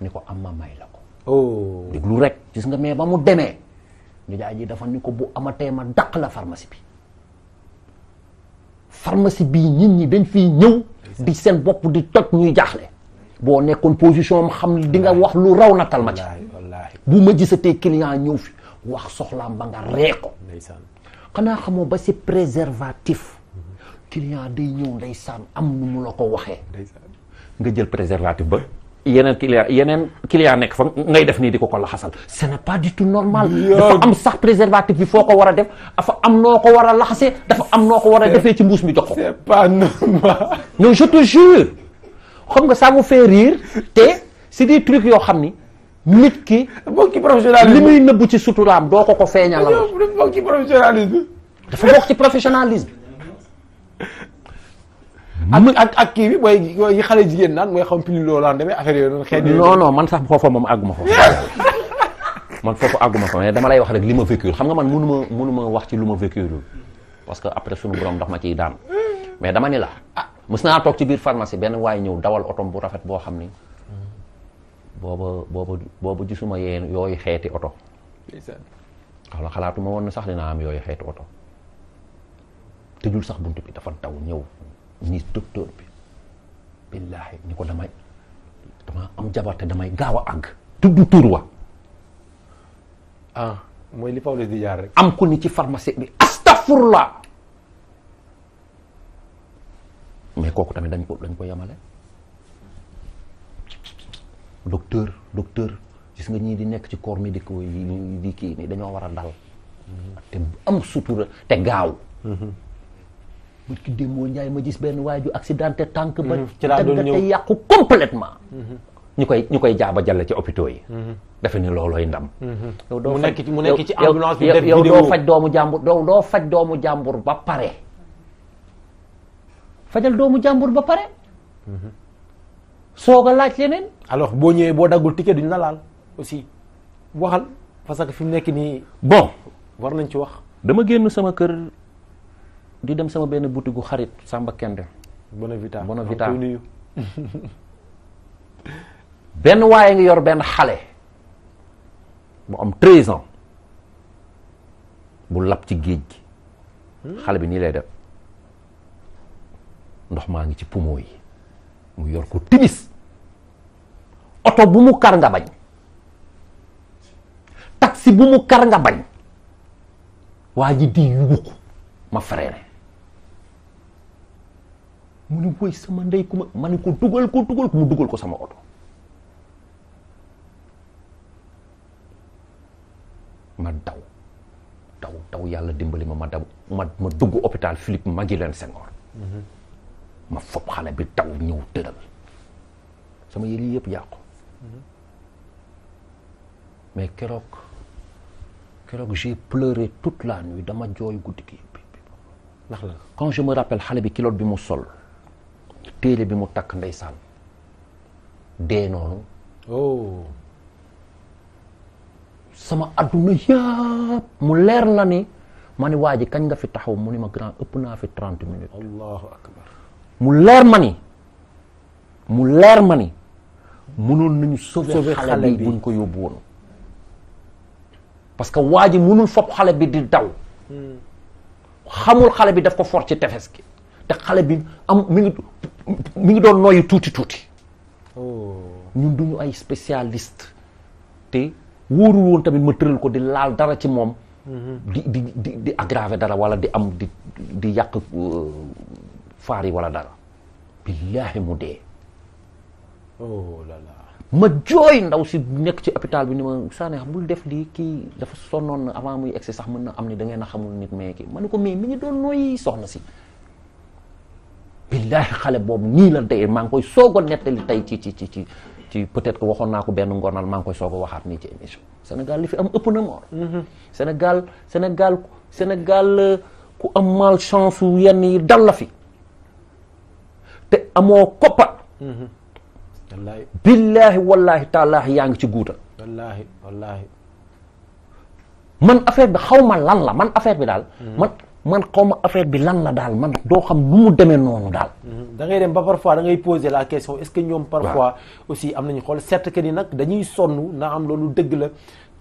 ni ko am ma may la ko oh. déglu rek gis nga mais ba mu demee nijaay ji dafa ni ko bu amatee ma daq la pharmacie bi pharmacie bii nit ñi dañ fii ñëw di seen bopp di toj ñuy jaaxle boo nekkoon position am xam di nga wax lu raw natal ma ci bu ma gisatee client ñëw fi wax soxlaam ba nga ree ko xanaa xamoo ba si préservatif client day ñëw ndeysaan am nu mu la ko waxee nga jël préservatif ba yeneen client yeneen nekk fa ngay def nii di ko ko laxasal ce n'est pas du tout normal dafa am sax préservatif bi foo ko war a def dafa am noo ko war a laxasee dafa am noo ko war a defee ci mbuus mi jox ko c'est pas normal non je te jure xam nga ça vous fait te c'est des trucs yoo xam ni nit ki bokki professionnalisme li muy nëbbu ci suturaam doo ko ko feeñalal la bokk ci professionnalisme dafa bokk ci professionnalisme na ak ak kii bi mooy yi xale jigéen naan mooy xam pilule loo daan demee affaire yooyu noonu xeet non man sax foofa moom àgguma foofu <laughs> ma foofu àgguma foofu dama lay wax rek li ma vécu xam nga man mënu ma mënu ma wax ci lu ma vécu parce que après suñu borom daf ma ciy daan mais dama ni la ah mës naa toog ci biir pharmacie benn waay ñëw dawal otom bu rafet boo xam ni booba booba booba gisuma yeen yooyu xeeti oto xala xalaatuma woon na sax dinaa am yooyu xeeti oto tëjul sax buntu bi dafa ñëw ni docteur bi billaahi ni ko damay dama am jabar te damay gaaw a àgg tudd wa ah mooy li Pawlish di jaar rek am ku ni ci pharmacie bi astafurla mais kooku tamit dañ ko dañ ko yemale docteur docteur gis nga ñii di nekk ci koor médicaux yi di kii ni dañoo war a dal mhm. te am sutura te gaaw mhm. barki démboo Njaay ma gis benn waay ju accidenté tànk ba mhm. tey yàqu complètement mhm. ñu koy ñu koy jaaba jàll ci hôpitaux yi mhm. dafa ni loolooy ndam yow doo faj mu nekk ci ambulance bi def vidéo yow doo faj doomu jàmbur doo doo faj ba pare fajal doomu jàmbur ba pare soog a laaj leneen alors boo ñëwee boo daggul ticket duñ la laal aussi waxal parce que mu nekk nii bon war nañ ci wax dama génn sama kër di dem sama benn boutique gu xarit Samba Kende. Bonavita Bonavita <laughs> benn waaye ngi yor benn xale bu am 13 ans bu lab ci géej gi. Hmm? xale bi nii lay def ndox maa ngi ci poumon yi mu yor ko timis oto bu mu kar nga bañ taxi bu mu kar nga bañ waa ji di yuuxu ma frère mu ni woy sama ndey ku ma ma ko dugal ko dugal ko mu dugal ko sama oto ma daw daw daw yàlla dimbali ma ma daw ma ma dugg hôpital Philippe Maguilen Senghor mhm. ma fob xale bi daw ñëw tëral sama yëli yëpp yàqu mhm. mais keroog keroog j'ai pleuré toute la nuit dama jooy guddi gi bi bi la quand je me rappelle xale bi kilote bi mu sol téele bi mu takk ndeysaan dee noonu oh. sama adduna yëpp mu leer na ni ma ni waa kañ nga fi taxaw mu ni ma grand ëpp naa fi trente minutes allahu mu leer ma ni mu leer ma ni mënoon nañu sauver xale bi buñ ko yóbbu woon parce que waa ji mënul fopp xale bi di daw hmm. xamul xale bi daf ko for ci tefes gi te xale bi am mi ngi mi ngi doon nooyi tuuti tuuti. Oh. ñun duñu ay specialist te wóorul woon tamit ma tëral ko di laal dara ci moom. Mm-hmm. di di di di dara wala di am di di yàq euh, faar yi wala dara. billaahi mu dee. oh là là. ma jooy ndaw si nekk ci hôpital bi ni ma Sané bul def lii kii dafa sonnoon avant muy egsi sax mën na am ni dangeen a xamul nit mais kii ma ne ko mais mi ngi doon nooy soxna si. billaahi xale boobu nii la dee maa ngi koy soog a nettali tey ci ci ci ci ci peut-être que waxoon naa ko benn ngoonal maa ngi koy soog a waxaat nii ci émission Sénégal li fi am ëpp na moor mhm. Sénégal Sénégal Sénégal euh, ku am malchance wu yenn yi dal la fi te amoo koppat mhm. billaahi wallaahi taalaahi yaa ngi ci guuta wallaahi wallaahi man affaire bi xaw ma lan la man affaire bi daal mhm. man man xaw ma affaire bi lan la daal man doo xam nu mu demee noonu daal. Mhm. da ngay dem ba parfois da ngay poser la question est-ce que ñoom. parfois aussi am nañu xool certes que ni nag dañuy sonn na am loolu dëgg la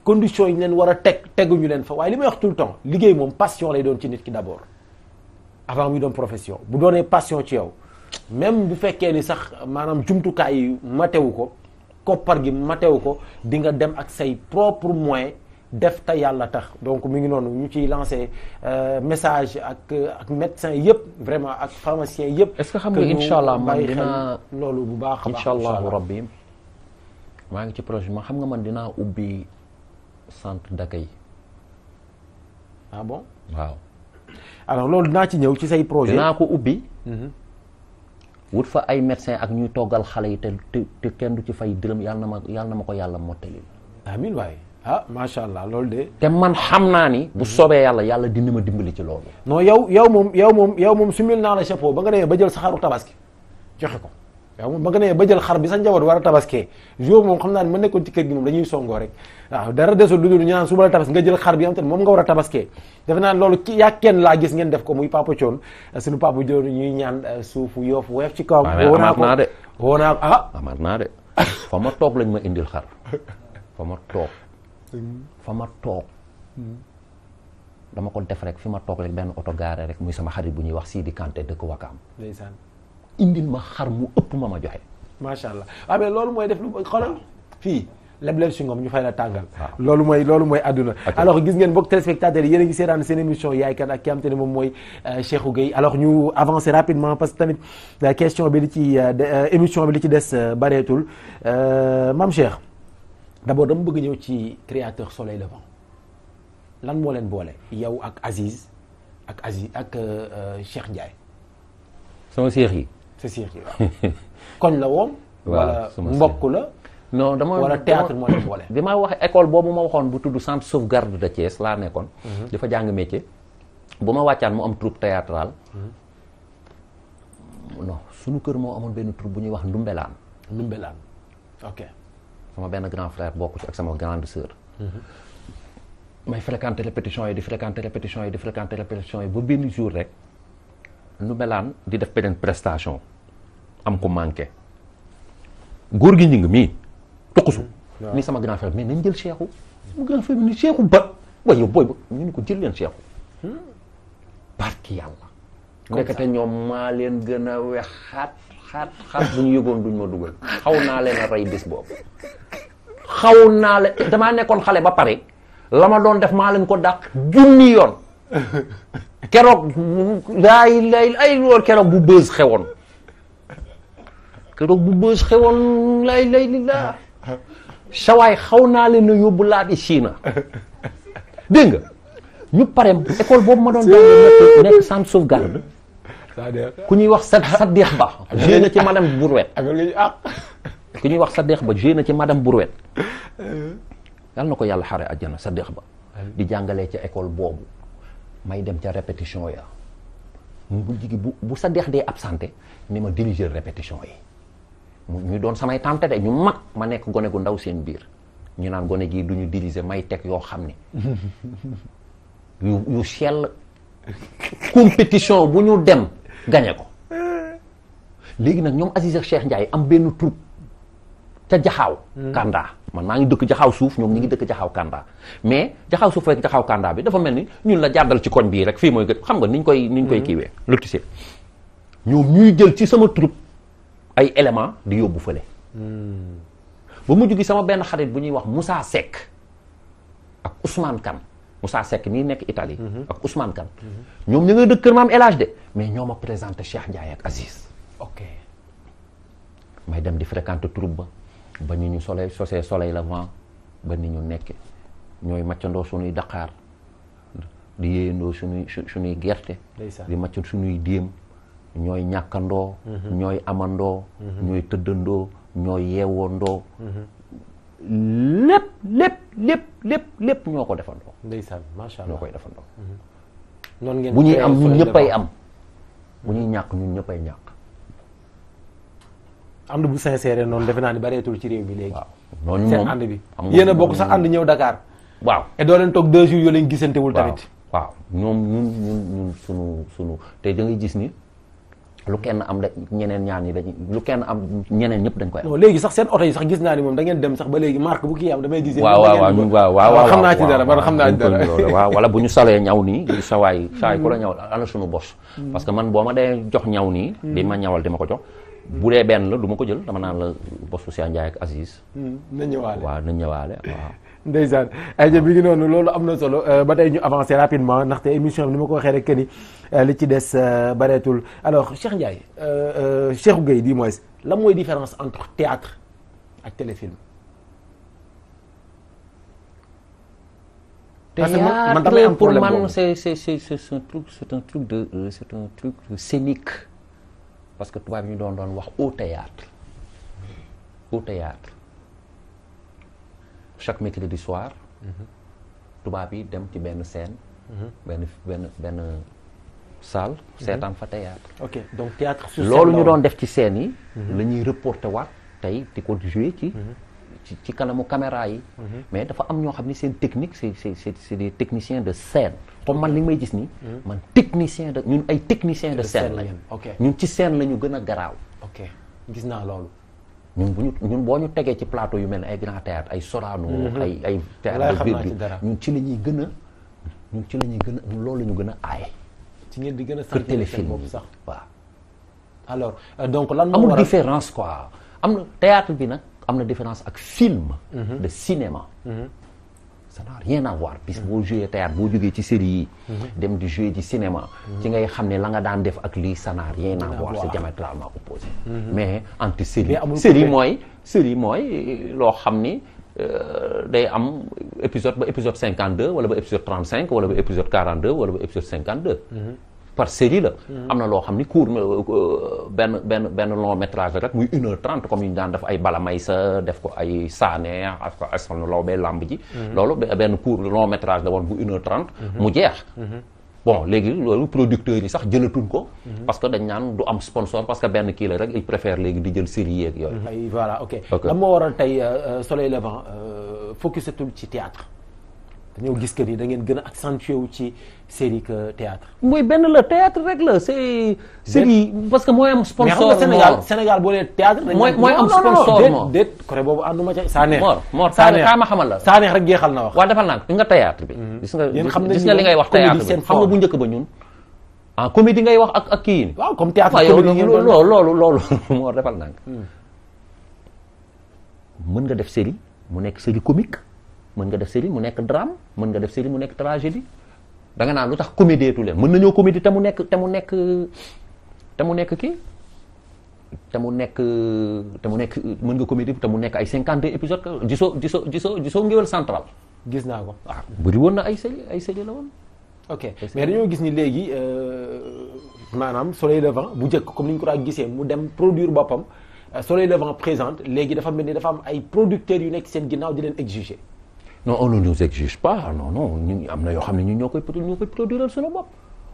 conditions yi ñu leen war a teg teguñu leen fa waaye li may wax tout le temps liggéey moom passion lay doon ci nit ki d'abord avant muy doon profession bu doonee passion ci yow même bu fekkee ni sax maanaam jumtukaay yi matewu ko koppar gi matewu ko di nga dem ak say propres moyens. def te yàlla tax donc mu ngi noonu ñu ciy lancé euh, message ak ak médecin yëpp vraiment ak pharmacien yëpp. est que xam nga incha allah man dinaa loolu bu baax a baax incha allah rabbi maa ngi ci projet ma xam nga man dinaa ubbi centre d'accueil. ah bon waaw. alors loolu dinaa ci ñëw ci say projet dinaa ko ubbi. Mhm. wut fa ay médecin ak ñuy toggal xale yi te te kenn du ci fay dërëm yàlla na ma yàlla na ma ko yàlla mottali. amiin ah macha allah loolu de. te man xam naa ni. bu soobee yàlla yàlla dina ma dimbali ci loolu. non yow yow moom yow moom yow moom sumil naa la chapeau ba nga demee ba jël sa xaru tabaski joxe ko yow moom ba nga demee ba jël xar bi sa njaboot war a tabaske jour moom xam naa ne ma nekkoon ci kër gi moom songoo rek waaw dara desul lu dul ñaan suba nga jël xar bi am te moom nga war a tabaskee def naa loolu ki yaa kenn laa gis ngeen def ko muy papa Thion suñu papa Thion ñuy ñaan euh, suufu yoofu weef ci kawam. woo naa ko woo naa ko ah amaat naa de fa ma toog lañ ma indil xar fa ma toog Mm. fa ma toog mm. dama ko def rek fi ma toog rek benn oto gaare rek muy sama xarit bu ñuy wax Sidi Kanté dëkk Wakaam ndeysaan indil ma xar mu ëpp ma ma joxe macha allah waaw ah, mais loolu mooy def lu xoolal fii lebleb si ngoom ñu fay la tàngal loolu mooy loolu mooy àdduna alors gis ngeen mbokk téléspectateurs yi yéen a ngi seetaan seen émission yaay kan ak ki am te ne moom mooy euh, Cheikhou Gueye alors ñu avancer rapidement parce que tamit question bi li ci euh, euh, émission bi li ci des bareetul Mame Cheikh d'abord dama bëgg ñëw ci créateur soleil levant lan moo leen boole yow ak Aziz ak Aziz ak euh, euh, Cheikh Ndiaye. sama seex yi. sa seex yi koñ la woon. <laughs> waaw sama mbokk la. non dama théâtre moo leen boole. bi ma wax école boobu ma waxoon bu tudd centre sauvegarde de Thiès laa nekkoon. Mhm. dafa jàng métier. bu ma wàccaan mu am troupe théâtrale mhm. non sunu kër moo amoon benn troupe bu ñuy wax Ndumbelaan. Ndumbelaan ok. ma benn grand frère bokk ci ak sama grande sœur. Mhm. may fréquenter répétition yi di fréquenter répétition yi di fréquenter répétition yi ba benn jour rek nu melaan di def beneen prestation am ko manqué góor gi ñu ngi mii tuqusu nii mhm. sama grand frère mais nañ jël Cheikhou sama grand frère ni Cheikhou ba waaye yow booy ba ñu ni ko jël leen Cheikhou hmm. barki yàlla nekkate ñoom maa leen gën a wexaat xaat xaat bu ñu yëgoon duñ ma dugal xaw naa leen a rey bis boobu xaw naa leen damaa nekkoon xale ba pare la ma doon def maa leen ko dàq junni yoon keroog laay lay ay lool bu bës xewoon keroog bu bës xewoon lay lay li laa sawaay xaw naa leen a yóbbu laati Chine dégg pare école boobu ma doon jàng nekk nekk centre sauvegarde ku ñuy wax sa sa deex ba <laughs> joué na ci madame Brouet <laughs> ku ñuy wax sa deex ba joué na ci madame Brouet euh. yal na ko yàlla xare àjjana sa deex ba di jàngalee ca école boobu may dem ca répétition ya bu jigi bu bu sa deex dee absenté ni ma diriger répétition yi ñu doon samay tante de ñu mag ma nekk gone gu ndaw seen biir ñu naan gone gii du ñu diriger may teg yoo xam ni <laughs> yu yu sell compétition bu ñu dem gañe ko léegi nag ñoom Aziz ak Cheikh am benn troupe ca jaxaaw hmm. kanda man maa ngi dëkk jaxaaw suuf ñoom ñi ngi dëkk jaxaaw kanda mais jaxaaw suuf rek jaxaaw kanda bi dafa mel ni ñun la jàddal ci koñ bii rek fii mooy gën xam nga niñ koy niñ koy hmm. kiiwee lotissé ñoom ñuy jël ci sama troupe ay élément di yóbbu fële hmm. ba mujj gi sama benn xarit bu ñuy wax Moussa Seck ak Ousmane Kane Moussa Seck nii nekk Italie. Mhm. ak Ousmane Kane. ñoom ñu dëkk kër maam El de mais ñoo ma présenté Cheikh Ndiaye ak Aziz. may dem di fréquenter troupe ba ba ñu ñu soleil sosee la levant ba ni ñu nekk ñooy maccandoo suñuy daqaar di yéeyandoo suñuy suñuy gerte. di macc suñuy déem ñooy ñàkkandoo. Mhm. ñooy amandoo. Mhm. ñooy tëddandoo ñooy yeewoondoo. lépp lépp lépp lépp lépp ñoo ko defandoo. ndeysaan macha allah ñoo koy mhm. noonu ngeen bu ñuy am ñun ñëppay am. bu ñuy ñàkk ñun ñëppay ñàkk. am na bu sincère noonu defe naa ni bareetul ci réew bi léegi. waaw seen ànd bi. yéen a bokk sax ànd ñëw dakaar waaw et doo leen toog deux jours yoo leen gisantewul tamit. waaw ñoom ñun ñun sunu sunu tey da gis ni. lu kenn am da ñeneen ñaan ñi dañuy lu kenn am ñeneen ñëpp dañ koy am. léegi sax seen oto yi sax gis naa ni moom da ngeen dem sax ba léegi marque bu kii am damay gis. waaw waaw waaw waaw xam naa ci dara man xam naa ci dara waaw wala bu ñu salee ñaw nii sa waay <laughs> saa yi ku la ñaw ana suñu bos. Mm. parce que man boo ma dee jox ñaw nii. Mm. di ma ñawal di ma ko jox. bu dee benn la du ma ko jël dama naan la bosu Sia Ndiaye ak Aziz. Mm. na ñëwaale waaw na ñëwaale ndeysaan ay jë bi ngi noonu loolu am na solo euh, ba tey ñu avancé rapidement ndaxte émission bi ni ma ko waxee rek que euh, li ci des euh, bareetul alors Cheikh Ndiaye Cheikhou Gueye di moins lan mooy différence entre théâtre ak téléfilm parce que man damay am problème pour man c'est c'est c'est un truc c'est un truc de c'est un truc parce que tubaab ñu doon doon wax au théâtre au théâtre chaque du soir. tubaab yi dem ci benn scène. benn benn benn salle. seetaan fa théâtre ok donc théâtre sur loolu ñu doon def ci scène yi. Mhm. lañuy ñuy reporté waat tey di ko joué mhm. ci. ci kanamu caméra yi. Mhm. mais dafa am ñoo xam ne seen technique c'est c'est c'est des technicien de scène comme man li may gis nii. man technicien de ñun ay technicien de scène lañu. ñun ci scène la ñu gën a garaaw. ok gis naa loolu. ñun ñu boo ñu tegee ci plateau yu mel ne ay grand théâtre ay Sorano mhm. ay ay théâtre de ñun ci la ñuy gën a ñun ci la ñuy gën loolu la ñu gën a aaye ci ngeen di gën a sant téléfilm boobu sax waaw alors euh, donc lan moo war amul différence quoi am na théâtre bi nag am na différence ak film mhm. de cinéma mhm. ça n'a rien à voir bis boo jugee ci série yi mhm. dem di joué ci cinéma ci mhm. ngay xam ne la nga daan def ak lii ça n'a rien à voir c'est diamétralement opposé mhm. mais entre série série mooy série mooy euh, loo xam ni euh, day am épisode ba épisode cinquante deux wala ba épisode trente cinq wala ba épisode wala ba épisode par série la. am na loo xam ni court euh, euh, benn benn benn long métrage rek muy une heure comme yu ñu daan def ay bala may sa def ko ay saane ak asfanu law bee làmb ji. Mhm. loolu benn court long métrage la woon bu une heure trente. Mhm. mu jeex. Mhm. bon léegi loolu producteurs yi sax jëlatuñ ko. parce que dañ naan du am sponsor parce que benn kii la rek il préfère léegi di jël série yeeg yooyu. ay voilà ok. ok lan moo waral tey euh, Soleil Levant focusatul ci théâtre. dañoo gis que ni dangeen gën a accentué wu ci. série que théâtre. mooy benn la théâtre rek la c'est série parce que mooy am sponsor. Sénégal Sénégal boo nee mooy am sponsor moom déet boobu ànduma ca saa neex. Mor Mor saa neex ma xamal la. saa neex na wax. waaw defal naa ko nga théâtre bi. Mhm. gis nga gis nga wax théâtre bi xam bu njëkk ba ñun. ah comédie ngay wax ak ak kii yi. waaw comme loolu loolu loolu Mor defal hmm. mën nga def série mu nekk série comique mën nga def série mu nekk drame mën nga def série mu nekk tragédie da nga naan lu tax comédie tu leen mën nañoo comédie te mu nekk te mu nekk te mu nekk kii te mu nekk te mu nekk mën nga comédie te mu nekk ay cinquante épisode gisoo gisoo gisoo gisoo ngéwél central gis naa ko waaw ah, bëri woon na ay série ay série la woon ok mais dañoo gis ni léegi euh, maanaam soleil levant bu njëkk comme ni ñu ko daan gisee mu dem produir boppam euh, soleil levant présente léegi dafa mel ni dafa am ay producteurs yu nekk seen ginnaaw di leen exiger non on exige pas non yoo xam ne ñun ñoo koy ñoo koy produire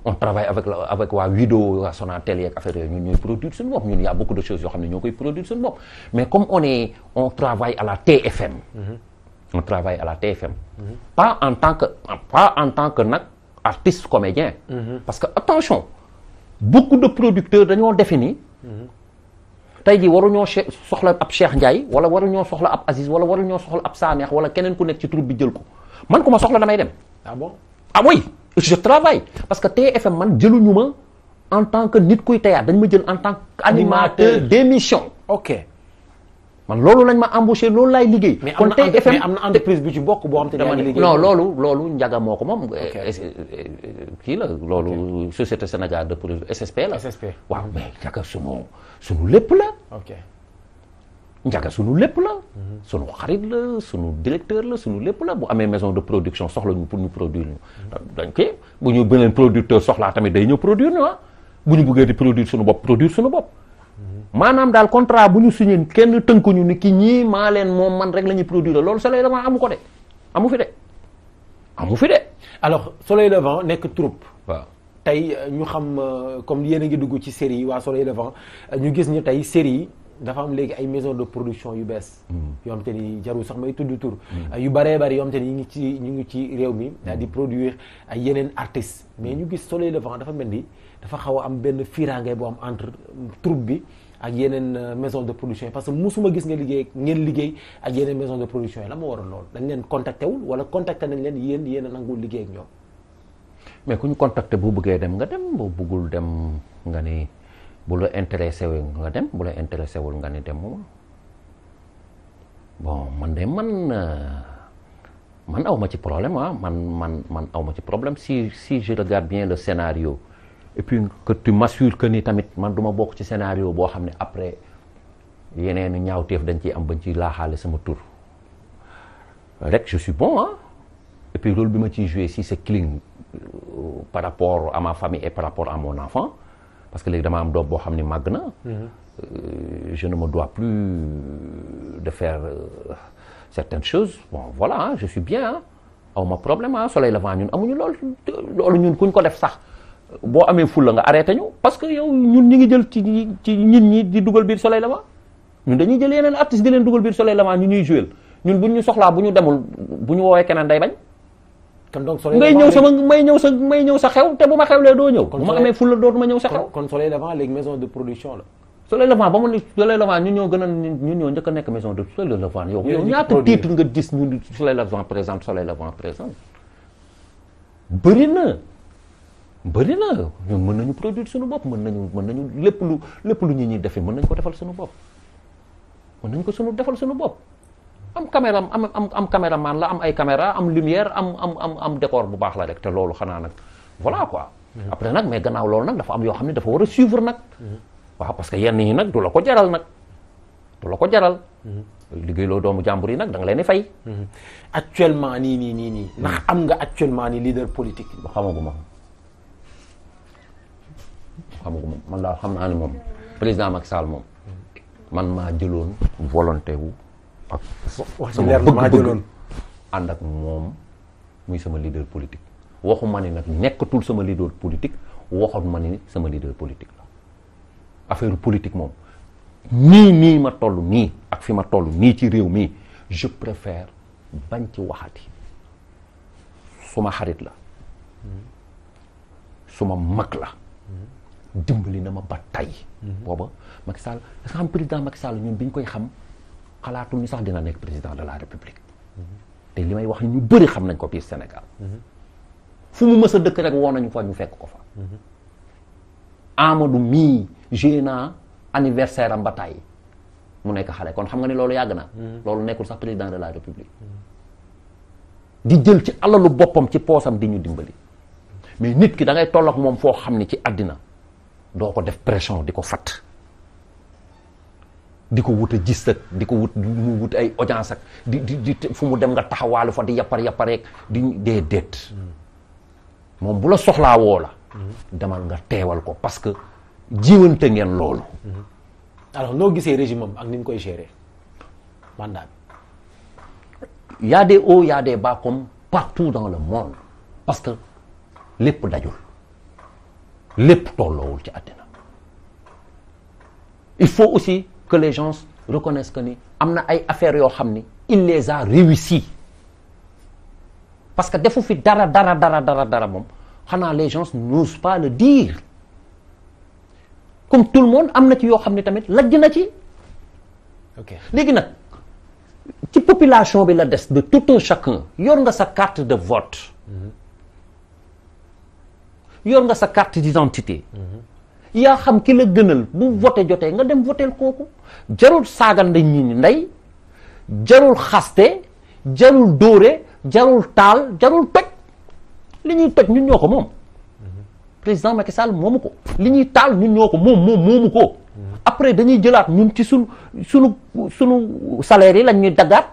on travaille avec la avec waa Wido waa Sonatel yeeg affaire yooyu ñun ñooy produire suñu bopp ñun y a beaucoup de choses yoo xam ne ñoo koy produire suñu bopp mais comme on on travaille à la TFM. on travaille à la TFM. pas en tant que pas comédien. Mhm. parce que attention beaucoup de producteurs dañoo défini. tey ji waruñoo soxla ab Cheikh Ndiaye wala waruñoo soxla ab Aziz wala waruñoo soxla ab Saneex wala keneen ku nekk ci troupe bi jël ko man ku ma soxla damay dem. ah bon ah oui je travaille parce que TFM man jëlu ñu ma en tant que nit kuy teyaat dañ ma jël en tant que animateur d'émission ok man loolu lañ ma embauché loolu laay liggéey. kon TFM mais am na entreprise bu ci bokk boo xam te ne non loolu loolu njaga moo ko moom. Eh, eh, eh, kii la loolu. société Sénégal de production SSP la. SSP waaw mais njaga sunu lépp la. ok njaga sunu lépp la. sunu xarit la sunu directeur la sunu lépp la bu amee maison de production soxla ñu pour ñu produire ñu. bu ñu beneen producteur soxlaa tamit day ñëw produire ñu ah bu ñu bëggee di produire sunu bopp produire sunu bopp. maanaam daal contrat bu ñu signé kenn ñu ni ki ñii maa leen moom man rek la ñuy produire loolu soleil levant amu ko de amu fi de amu fi de. alors soleil levant nekk troupe. waaw tey euh, ñu xam euh, comme yéen a ngi dugg ci série yi waa solo Levant euh, ñu gis ñu tey série yi dafa am léegi ay maison de production yu bees mm. yoo xam te ni jarul sax may tudd tur mm. yu baree bari yoo xam te ni ñu ngi ci ñu ngi ci réew mi mm. di produire ay yeneen artistes mais ñu gis solo Levant dafa mel ni dafa xaw a am benn firange boo am entre troupe bi ak yeneen maison de production yi parce que musuma gis nga liggéey ngeen liggéey ak yeneen maison de production yi la ma leen contacté wul wala contacté nañ leen yéen yéen a nangul liggéey ñoom mais ku ñu contacté boo bëggee dem nga dem boo bëggul dem nga ni bu la intéressé wul nga dem bu la intéressé wul nga ni demuma bon man de man euh, man aw ma ci problème ah man man man aw ma ci problème si si je regarde bien le scénario et puis que tu m'assures que ni tamit man duma bokk ci scénario boo xam ne après yeneen ñaaw ñaawteef dañ ciy am bañ ci laaxaale sama tur rek je bon ah et puis loolu bi ma ciy joué si sa clean par rapport a ma famille et par rapport à mon enfant parce que léegi dama am doom boo xam ne màgg na. Euh, je ne me dois plus de faire euh, certaines choses bon voilà hein, je bien ah aw ma problème ah soleil levant ñun amuñu loolu loolu ñun kuñ ko def sax boo amee fulla nga arrêté ñu parce que yow ñun ñi ngi jël ci ci nit ñi di dugal biir soleil levant ñun dañuy jël yeneen artistes di leen dugal biir soleil levant ñu ñuy joué ñun buñ ñu soxlaa bu ñu demul bu ñu woowee keneen day bañ. kon donc soleil ngay ñëw sama may ñëw sa may ñëw sa xew te bu ma xewlee doo ñëw. kon bu ma amee fulla dootuma ñëw sa xew. kon soleil levant léegi maison de production la. soleil ba mu ne soleil levant ñun ñoo gën a ñun ñoo njëkk a nekk maison de soleil levant yow. yow ñaata titre nga gis ñun soleil levant présente soleil levant présente. bëri na bëri na ñun mën nañu produit suñu bopp mën nañu mën nañu lépp lu lépp lu ñu ñuy defee mën nañu ko defal suñu bopp mën nañu ko suñu defal suñu bopp am caméra am am am caméraman la am ay caméra am lumière am am am am décor bu baax la rek te loolu xanaa nag voilà quoi. Mhm. après nag mais gannaaw loolu nag dafa am yoo xam ne dafa war a suivre nag. Mhm. waaw parce que yenn yi nag du la ko jaral nag du la ko jaral. Mhm. liggéeyloo doomu jàmbur yi nag da nga leen fay. actuellement nii nii nii nii. ndax am nga actuellement ni leader politique. ba xamaguma xamaguma man daal xam naa ne moom président Macky Sall moom man maa jëloon volonté wu. ak wax ci leer na maa ak moom muy sama leader politique waxu ma ni nag nekkatul sama leader politique waxoon ma ni sama leader politique la affaire politique moom nii nii ma toll nii ak fi ma toll nii ci réew mii je préfère ci waxati suma xarit la suma mag la dimbali na ma ba tey mm-hmm. booba Macky Sall parce que xam président Macky Sall ñun bi ñu koy xam xalaatu ni sax dina nekk président de la république te li may wax ñu bëri xam nañ ko piir Sénégal fu mu mësa dëkk rek woo nañu fa ñu fekk ko fa Amadou mii joué naa anniversaire am ba tàyyi mu nekk xale kon xam nga ni loolu yàgg na loolu nekkul sax président de la république di jël ci alalu boppam ci poosam di ñu dimbali mais nit ki da ngay tollook moom foo xam ni ci àddina doo ko def pression di ko fat di ko wut a gis di ko wut wut ay audience di di di fu mu dem nga taxawaalu fa di yappar yappareeg di dee déet moom bu la soxlaa woo la demal nga teewal ko parce que jiwante ngeen loolu noo gisee régime am ak ni mu koy gérer mandat bi y a des partout dans le monde parce que lépp dajul lépp tolloowul ci àddina il faut aussi que les gens reconnaissent que ni am na ay affaires yoo xam ni il les a réussi parce que defu fi dara dara dara dara dara moom xanaa les gens n'osent pas le dire comme tout le monde am na ci yoo xam ni tamit lajj na ci. ok léegi ci population bi la des de tout un chacun yor nga sa carte de vote. Mm-hmm. yor nga sa carte d'identité. Mm-hmm. yaa xam ki la gënal bu vote jotee nga dem voteel kooku jarul saagal nday ñi ni ndey jarul xaste jarul dóore jarul taal jarul toj li ñuy toj ñun ñoo ko moom président Macky Sall moomu ko li ñuy taal ñun ñoo ko moom moom moomu ko après dañuy jëlaat ñun ci sunu sunu sunu salaire yi lañ ñuy daggaat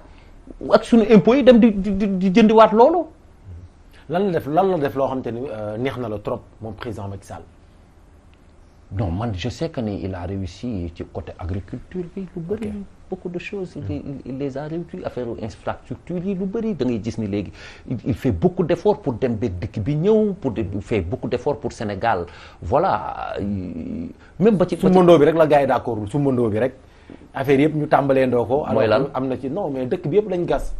ak sunu impôts yi dem di di jëndiwaat loolu lan la def lan la def loo xam te ni euh, neex na la trop moom président Macky Sall non man je sais que ni il a réussi ci côté agriculture bi lu bëri beaucoup de choses il, mm. il, il les a réussi affaire infrastructure yi lu bëri da ngay gis ni léegi il fait beaucoup d'efforts pour dem ba dëkk bi ñëw pour de fait beaucoup d'efforts pour Sénégal voilà euh, même ba ci sumbandoo bi rek la gars yi d'accord sumbandoo bi rek affaire yëpp ñu tàmbalee ndoo ko mooy lan am na ci non mais dëkk bi yëpp lañ gas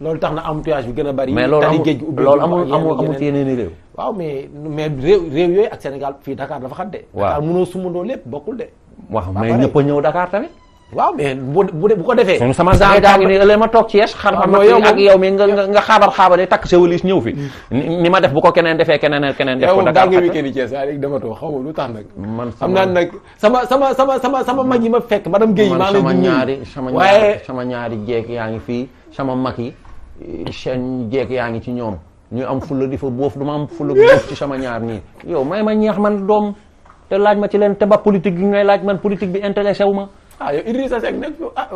loolu tax na embouteillage bi gën a bari. mais loolu loolu amul amul yeneen i réew. waaw mais réew yooyu ak Sénégal fii Dakar dafa xat de. waaw Dakar lépp bokkul de. waaw mais ñëpp ñëw Dakar tamit. waaw mais bu bu ko defee. sama saa daa ngi nii ëllëg ma toog ci yees. xar ma ak yow mi nga nga xaabar xaabalee takk sa walis ñëw fi. Mm. ni ma def bu ko keneen defee keneen keneen. def ko Dakar yow daa ngi weekend yi Thiès waaye léegi man xam naa nag sama sama sama sama sama mag yi ma fekk ma dam maa ngi leen di sama ñaari sama ñaari jeeg yaa ngi fii sama mag yi chaîne jeeg yaa ngi ci ñoom ñu am fulla di fa boof du ma am fulla boof ci sama ñaar nii yow may ma ñeex man doom te laaj ma ci leen te ba politique gi ngay laaj man politique bi intéressé wu ma ah yow Idrissa Seck nag ah,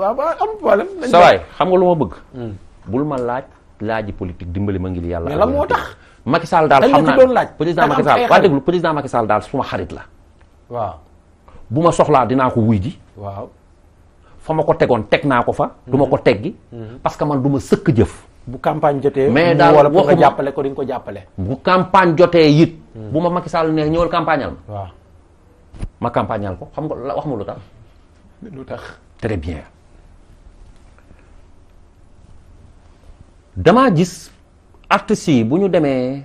sa waay xam nga lu ma bëgg hmm. bul ma laaj laaji politique ma ngir yàlla la moo tax Macky Sall daal xam naa doon laaj président Macky Sall waa déglu président Macky Sall daal suma xarit la waaw bu ma soxlaa dinaa ko wuy ji waaw fa ma ko tegoon teg naa ko fa du ma hmm. ko teggi hmm. parce man du sëkk jëf bu campagne jotee. mais daal wala pour jàppale ko dañ ko jàppale. bu campagne jotee it. bu ma Macky Sall nee ñëwal campagnal ma. waaw ma campagnal ko xam nga wax ma lu tax. lu tax très bien. damaa gis artistes yi bu ñu demee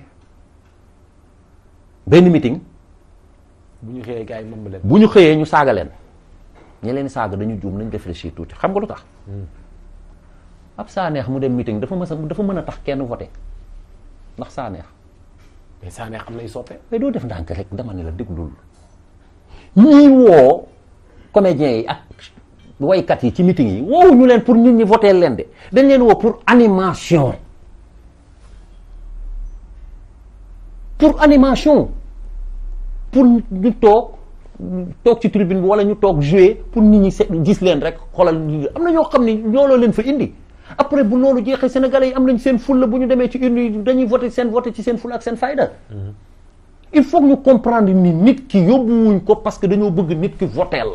benn meeting. bu ñu xëyee gars yi moom bu ñu xëyee ñu saaga leen. ñi leen saaga dañu juum nañ réfléchir tuuti xam nga lu tax. Hmm. ab Sanex mu dem meeting dafa mën a dafa mën a tax kenn voté ndax saaneex mais Sanex am nay soppe. mais doo def ndànk rek demal ne la déglul ñii woo comédiens yi ak waykat yi ci meeting yi woowu ñu leen pour nit ñi voté leen de dañ leen woo pour animation pour animation pour ñu toog toog ci tribune bi wala ñu toog jouer pour nit ñi se gis leen rek xoolal am na ñoo xam ne ñoo loo leen fa indi. après bu loolu jeexee sénégalais yi am nañ seen fulla bu ñu demee ci urne yi dañuy voté seen voté ci seen fulla ak seen fayda mm-hmm. il faut ñu comprendre ni nit ki yóbbuwuñ ko parce que dañoo bëgg nit ki voteel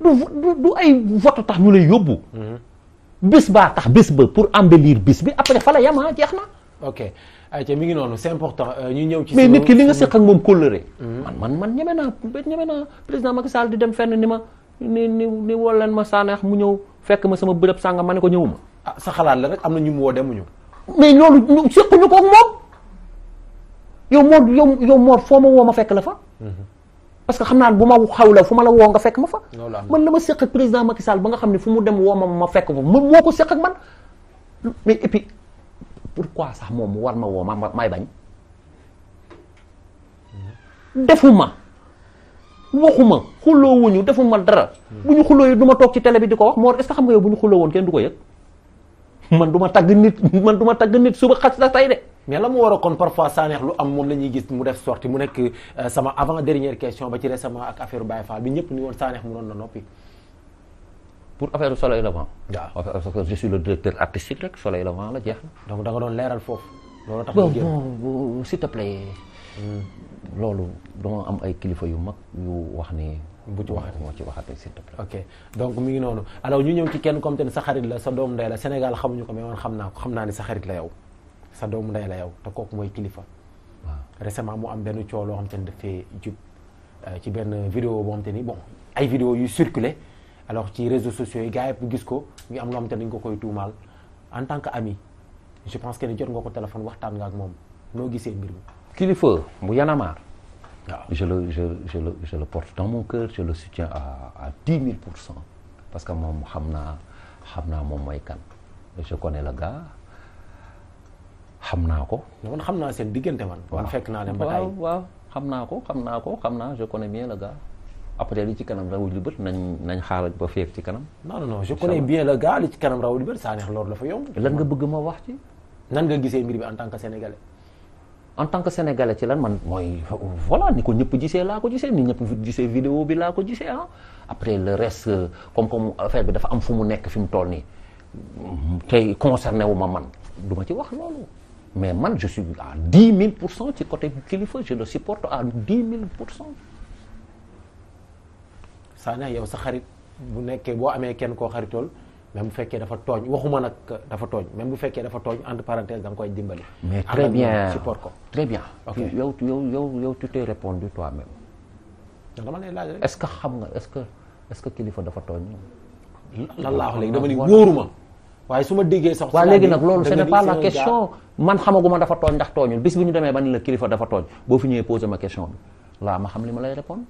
la mm-hmm. du ay vote tax ñu lay yóbbu mm-hmm. bis baa tax bis ba pour embellir bis bi après fa la yam ah jeex na ok ayca mi ngi noonu c'est important euh, ñu ñëw ci. mais nit ki li nga seq ak moom kóllëre. man man man ñeme naa ñeme naa président Macky Sall di dem fenn ni ma ni ni ni woo mu ñëw. fekk ma sama bërëb sàngam ma ne ko ñëwuma. ah sa xalaat la rek am na ñu mu woo demuñu. mais loolu ñu ko ak moom yow moor yow yow moor foo ma woo ma fekk la fa. Mhm. parce que xam naa bu ma xaw la fu la woo nga fekk ma fa. man la ma séq ak président Macky Sall ba nga xam ne fu mu dem woo ma ma fekk fa moo ko séq ak man mais et pourquoi sax moom mu war ma woo ma may bañ mhm. defuma. waxuma xuloo wuñu defuma dara bu ñu xuloo yi du ma toog ci télé bi di ko wax moo est-ce que xam nga yow bu ñu xuloo woon kenn du ko yëg man du ma tagg nit man du ma tagg nit suba xas sa tay de mais la mu war a kon parfois Sanekh lu am moom la ñuy gis mu def sorti mu nekk euh, sama avant dernière question ba ci récemment ak affaire Baye Fall bi ñëpp ni woon Sanekh mu noon na noppi pour affaire Soleil Levant waaw parce que je suis le directeur rek Soleil Levant la jeex na donc da doon leeral foofu loolu tax s'il te loolu dama am ay kilifa yu mag yu wax ni. bu ci waxati moo ci waxati s'il te plaît. ok donc mi ngi noonu alors ñu ñëw ci kenn comme te ne sa xarit la sa doom ndey la Sénégal xamuñu ko mais man xam naa ko xam naa ni sa xarit la yow sa doomu ndey la yow te kooku mooy kilifa. waaw récemment mu am benn coo loo xam te ne dafay jub euh, ci benn vidéo boo te ni bon ay vidéo yu circulé alors ci réseaux sociaux yi gars bu gis ko ñu am loo xam te ne dañu ko koy tuumaal en tant que ami je pense que ni jot nga ko téléphone waxtaan nga ak moom noo gisee mbir mi. kilifa bu yanamaar waaw je le le je le porte dans mon cœur je le soutiens à dix mille pour cent parce que moom xam naa xam naa moom mooy kan je connais le gars xam naa ko. xam naa seen diggante man. man fekk naa leen ba tey waaw waaw naa ko xam naa ko xam naa je connais bien le gars. après li ci kanam rawul li bët nañ nañ xaaral ba feek ci kanam. je connais bien le gars li ci kanam rawul bët saa loolu la fa yomb. lan nga bëgg ma wax ci. nan nga gisee mbir bi en tant que sénégalais. en tant que sénégalais ci lan man mooy voilà ni ko ñëpp gisee laa ko gisee ni ñëpp gisee vidéo bi laa ko gisee ah après le reste comme comme affaire bi dafa am fu mu nekk fi mu toll nii tey concerné wu ma man duma ci wax loolu mais man je suis à dix mille pour cent ci côté kilifa je le supporte à dix mille pour cent. Sané yow sa xarit bu nekkee boo amee kenn koo xaritool. même bu fekkee dafa tooñ waxuma nag dafa tooñ même bu fekkee dafa tooñ entre parenthèse da nga koy dimbali. mais très bien support ko très bien. ok yow yow yow yow tu t'es répondu toi-même. donc dama lay laaj que xam nga est-ce que est que kilifa dafa tooñ. lan laa wax léegi dama ni wóoruma. waaye su ma déggee sax. waaw léegi nag loolu ce n'est pas la man xamaguma dafa tooñ ndax tooñul bis bu ñu demee ba ni la kilifa dafa tooñ boo fi ñëwee posé ma question bi laa ma xam li ma lay répondre.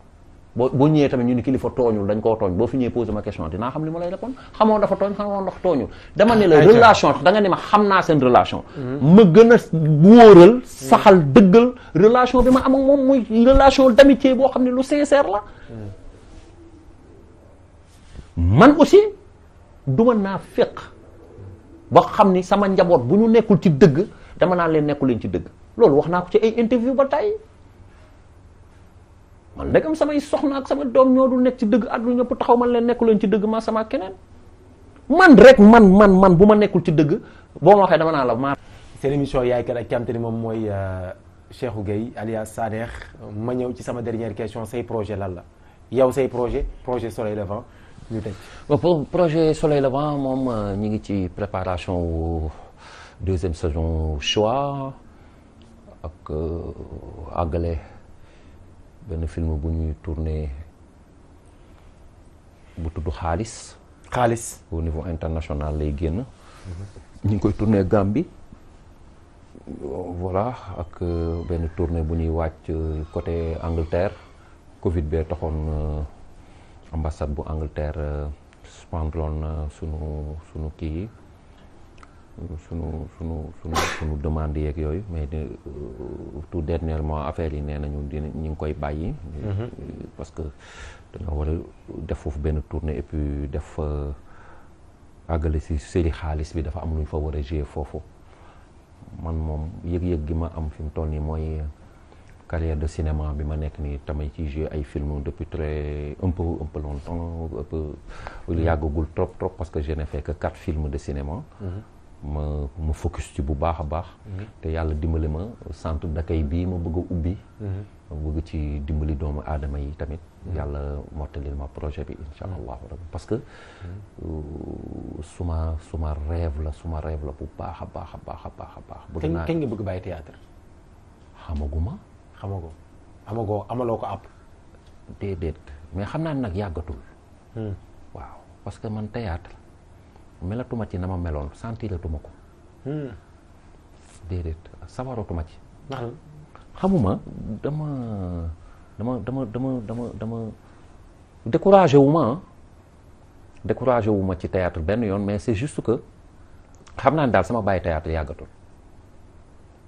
boo boo ñëwee tamit ñu ni kilifa tooñul dañ koo tooñ boo fi ñëwee posé ma question dinaa xam li ma lay répondre xamoo dafa tooñ xamoo ndax tooñul dama ne la relation da ne ma xam naa seen relation mm-hmm. ma gën a wóoral saxal mm-hmm. dëggal relation bi ma am moom muy relation d'amitié boo xam ne lu sincère la mm-hmm. man aussi du naa féq ba xam ni sama njaboot bu ñu nekkul ci dëgg dama naa leen nekkul leen ci dëgg loolu wax naa ko ci ay interview ba tey man ndegam samay soxna ak sama doom ñoo dul nekk ci dëgg àdduna ñëpp taxaw man leen nekku leen ci dëgg ma sama keneen man rek man man man bu ma nekkul ci dëgg boo ma waxee dama naa la ma seen émission yaay kan ak ki ni moom mooy euh, Cheikhou Gueye alias Sanex ma ñëw ci sama dernière question say projet lan la yow say projet projet Soleil Levant ñu tëj. waaw projet Soleil Levant moom euh, ñu ngi ci préparation wu deuxième saison choix ak euh, àggale. benn film bu ñuy tourné bu tudd xaalis. xaalis au niveau international lay génn. ñu ngi koy tourné Gambie. voilà ak euh, benn tournée bu ñuy wàcc euh, côté Angleterre Covid bee taxoon euh, ambassade bu Angleterre suspendroon sunu sunu kii yi sunu sunu sunu sunu demande yeeg yooyu mais euh, tout dernièrement affaire yi nee nañu dina ñu ngi koy bàyyi. Mhm. parce que dañoo war a def foofu benn tournée et puis def fa euh, àggale si série xaalis bi dafa am lu ñu fa war a jouer foofu. man moom yëg-yëg gi ma am fi mu toll nii mooy carrière de cinéma bi ma nekk nii tamay ci jouer ay film depuis très un peu un peu longtemps un peu mhm. yàggagul trop trop parce que je n'ai fait que quatre films de cinéma. Mhm. ma ma focus ci bu baax a baax. Mhm. te yàlla dimbali ma sant dakay bii ma bëgg ubbi. Mhm. ma bëgg ci dimbali doomu aadama yi tamit. Mhm. yàlla mottalil ma projet bi incha allahu rabbi parce que euh, suma suma rêve la suma rêve la bu baax a baax a baax a baax a baax. bëgg naa kañ nga bëgg bàyyi théâtre. xamaguma. xamagoo amagoo amaloo ko àpp. déedéet mais xam naa nag yàggatul. Hmm. waaw parce que man théâtre melatuma ci na ma meloon sentiratuma ko. Hmm. déedéet sawarootuma ci. ndax xamuma dama dama dama dama dama dama découragé wu ma découragé wu ma ci théâtre benn yoon mais c'est juste que xam naa ne daal sama bàyyi théâtre yàggatul